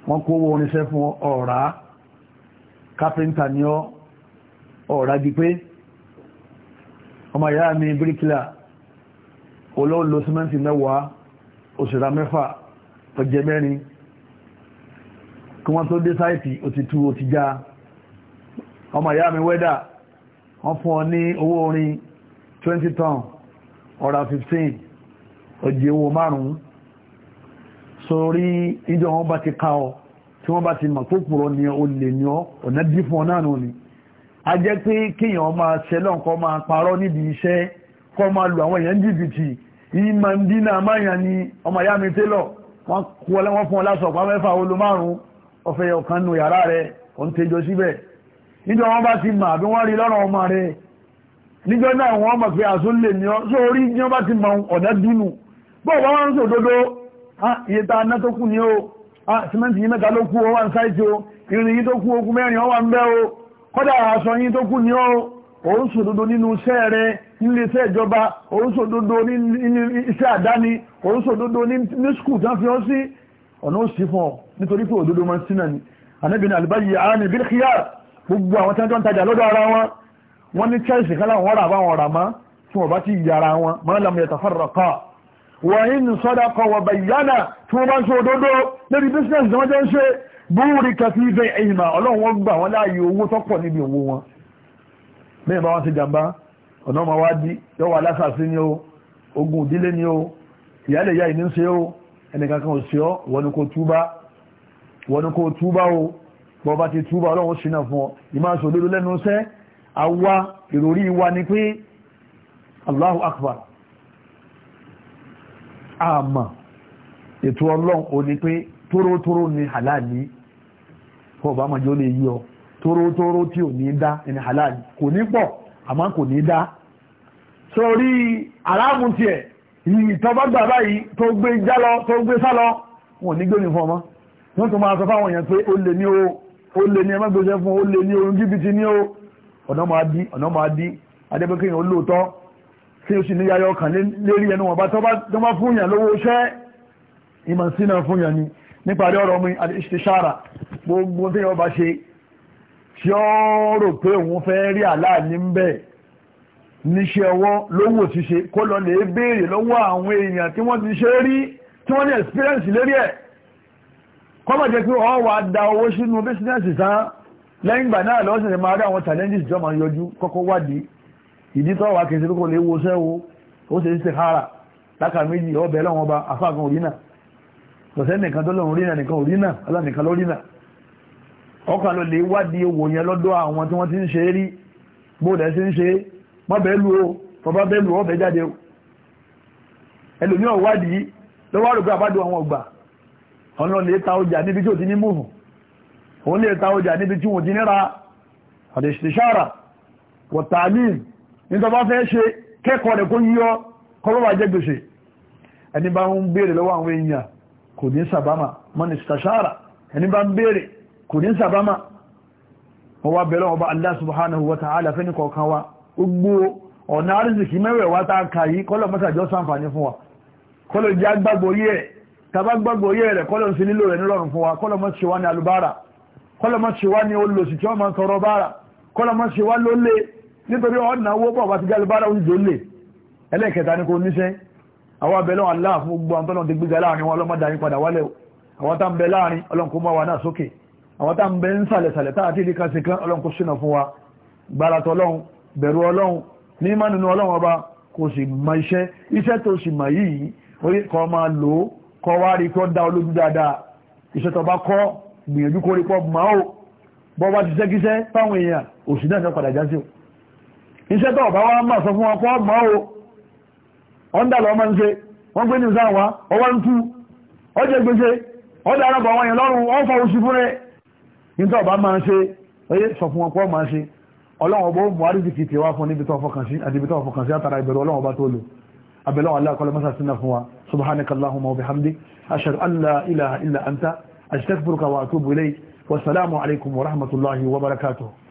wọ́n kó owó oníṣẹ́ fún ọ̀rá kápẹ́ntà ní ọ̀rá gípé ọmọ ìyá mi bíríkìlà olóòlò símẹ́ntì mẹ́wàá òṣèrà mẹ́fà ọjẹ́ mẹ́rin kí wọ́n tó dé sáìtì òtítù òtìjá ọmọ ìyá mi wẹ́dà wọ́n fún ọ ní owó orin 20 ton ọ̀rá 15 ọjẹ́ owó márùn-ún sórí ìjọ wọn bá ti ká ọ tí wọ́n bá ti mọ̀ tó pùrọ̀ ní olè ní ọ ọ̀nà dí fún ọ náà nù ni a jẹ́ pé kíyàn máa ṣẹlọ́n kọ́ máa parọ́ níbi iṣẹ́ kọ́ máa lu àwọn èèyàn jìbìtì yìí máa ń dínà máyàn ni ọmọ ìyá mi télọ̀ wọ́n kú ọ lẹ́wọ́n fún ọ lásọ̀ pa mẹ́fà olo márùn-ún ọ̀fẹ́ ọ̀kan nu yàrá rẹ̀ ò ń tẹjọ síbẹ̀ níjọ wọn bá ti mọ̀ àbí wọ́n rí lọ́rọ̀ ọmọ rẹ̀ níjọ náà wọ́n mọ̀ pé àsún lè ní ọ sórí ní wọ́n bá ti mọ ọ̀nà dínú bọ́ọ̀ bá wọn ń sòdodo Ah, iye tá aná tó kù ní o ah, símẹ́ntì yìí mẹ́ta ló kù ó ń sáìtì o irin yìí tó kù okùn mẹ́rin ó ń bẹ́ o kọ́dà aṣọ yìí tó kù ní o òun sòdodo nínú iṣẹ́ rẹ nílé iṣẹ́ ìjọba òun sòdodo nínú iṣẹ́ àdáni òun sòdodo ní skul tán fi hàn sí ọ̀nà òsì fún ọ nítorí pé òdodo máa ń sínà ni anábìnrin àlùbáyé àánì bíl khiyar gbogbo àwọn tí wọ́n tajà lọ́dọ̀ ara wọn wọ́n ní chelsea kan láwọn ọ̀rà àbáwọn ọ̀rà mọ́ tí wọ́n bá ti yàrá wọn mọ́ làmúyẹ̀ tàfàrà kọ́ wọ̀nyí sọ́dọ̀kọ̀ wọ̀bà yánà tí wọ́n bá ń ṣe òdodo lórí business tí wọ́n jẹ́ ń ṣe búrú kàfí ìfẹ́ ìhìmà ọlọ́run wọ́n gbà wọ́n láàyè owó tọ́pọ̀ níbi owó wọn bẹ́ẹ̀ bá wọ́n ti jàmbá ọ̀nà ọmọ wá dí yọ́wọ́ alásàsí ni ó ogun ìdílé ni ó ìyálẹ̀ ìyá ìní ń ṣe ó ẹnìkan kan ò ṣe ọ́ wọ́n kò túbá o bọ́ bá ti túbá ọlọ́run ṣìnà fún ọ ìmáṣe òdodo àmà ètò ọlọ́run ò ní pé tórótóró ni halali kọ́ ọba àmàjọ́ lè yí ọ tórótóró tí ò ní dá ni halali kò ní pọ̀ àmọ́ kò ní dá sórí aráàmù tiẹ̀ ìtọ́ba gbà báyìí tó gbé jálọ tó gbé sálọ wọn ò ní gbé mi fún ọmọ wọ́n tún máa sọ fáwọn èèyàn pé ó lè ní o ó lè ní ẹmẹ́gbẹ̀ẹ́sẹ̀ fún ó lè ní orun jìbìtì ní o ọ̀nà máa dí ọ̀nà máa dí adébẹ́kẹ́yìn olóòótọ́ tí ó sì ní yayọ kàn lérí ẹnu wọn bá tó bá fún yàn lówó iṣẹ́ ìmọ̀ sínà fún yàn ni nípàdé ọ̀rọ̀ mi àdìsíṣára gbogbo tí wọ́n bá ṣe tí ó rò pé òun fẹ́ rí àláàní ń bẹ̀ níṣẹ́ ọwọ́ lówó ṣíṣe kó lọ lè béèrè lọ́wọ́ àwọn èèyàn tí wọ́n ti ṣe rí tí wọ́n ní experience lérí ẹ̀ kọ́mọ̀ jẹ́ pé wọ́n wá da owó sínú business tán lẹ́yìn ìgbà náà lọ́sẹ̀ máa rí àwọn challenges jọ máa yọjú kọ́kọ́ wádìí ìdí tó wà kìí sí kò lè wo sẹ́wọ́ ó sì ṣe hara láka méjì ọbẹ̀ lọ́wọ́ bá afákan òrínà tọ̀sẹ́ nìkan tó lọ́wọ́ òrínà nìkan òrínà alánìkan lórínà ọkà ló lè wádìí owó yẹn lọ́dọ̀ àwọn tí wọ́n ti ń ṣe rí bóòdẹ̀ sí ń ṣe àwọn tí nítorí bá fẹ́ ṣe kẹ́kọ̀ọ́ rẹ̀ kó yíyọ́ kọlọ́wà jẹ́ gbèsè ẹni bá ń béèrè lọ́wọ́ àwọn èèyàn kò ní sàbámà mọ́nìsítàṣára ẹni bá ń béèrè kò ní sàbámà wọ́n wá bẹ̀rẹ̀ ọba Allah subhanahu wa ta'ala fẹ́ni kọ̀ọ̀kan wa gbogbo ọ̀nà àrísìkí mẹ́wẹ̀ wá tá ka yìí kọ́lọ̀ mọ́sàjọ́ sàǹfààní fún wa kọ́lọ̀ jẹ́ agbágbóyé rẹ̀ tàbá gbágbóyé rẹ̀ kọ́lọ̀ sí lílò rẹ̀ nírọ̀rùn fún wa kọ́lọ̀ mọ́ ṣe wá ní alubára kọ́lọ̀ mọ́ ṣe wá ní olùsì tí wọ́n máa ń tọrọ bára kọ́lọ̀ mọ́ nítorí ọ̀nà owó pọ̀ bá ti jẹ́ alubára oúnjẹ olè ẹlẹ́ẹ̀kẹta ní kò níṣẹ́ àwọn abẹ́lọ́ aláà fún gbogbo àwọn tọ́nà ti gbígbà láàrin wọn ọlọ́mọdà yí padà wálẹ̀ àwọn tá ń bẹ láàrin ọlọ́nkó mọ́ wa náà sókè àwọn tá ń bẹ ń sàlẹ̀sàlẹ̀ tá àti ìdíkan sí kan ọlọ́nkó sínà fún wa gbáratọ̀ ọlọ́run bẹ̀rù ọlọ́run ní má nínú ọlọ́run ọba ti ṣẹ́kíṣẹ́ fáwọn èèyàn òsì náà padà já iṣẹ́ tó ọ̀bá wá máa sọ fún ọkọ̀ ọmọ o ọ́ndàlọ́ ọmọ ń ṣe wọ́n gbé ní sáà wá ọwọ́ ń tú ọjẹ́ gbèsè ọdá arábọ̀ wọn yẹn lọ́rùn ọ́fà oṣù fún rẹ̀ nítorí ọba máa ń ṣe oyé sọ fún ọpọ́ máa ṣe ọlọ́run ọba ó mú àrídìkì tí wá fún níbi tó ashhadu an illa anta astaghfiruka wa atubu ilayk wa alaykum wa rahmatullahi wa barakatuh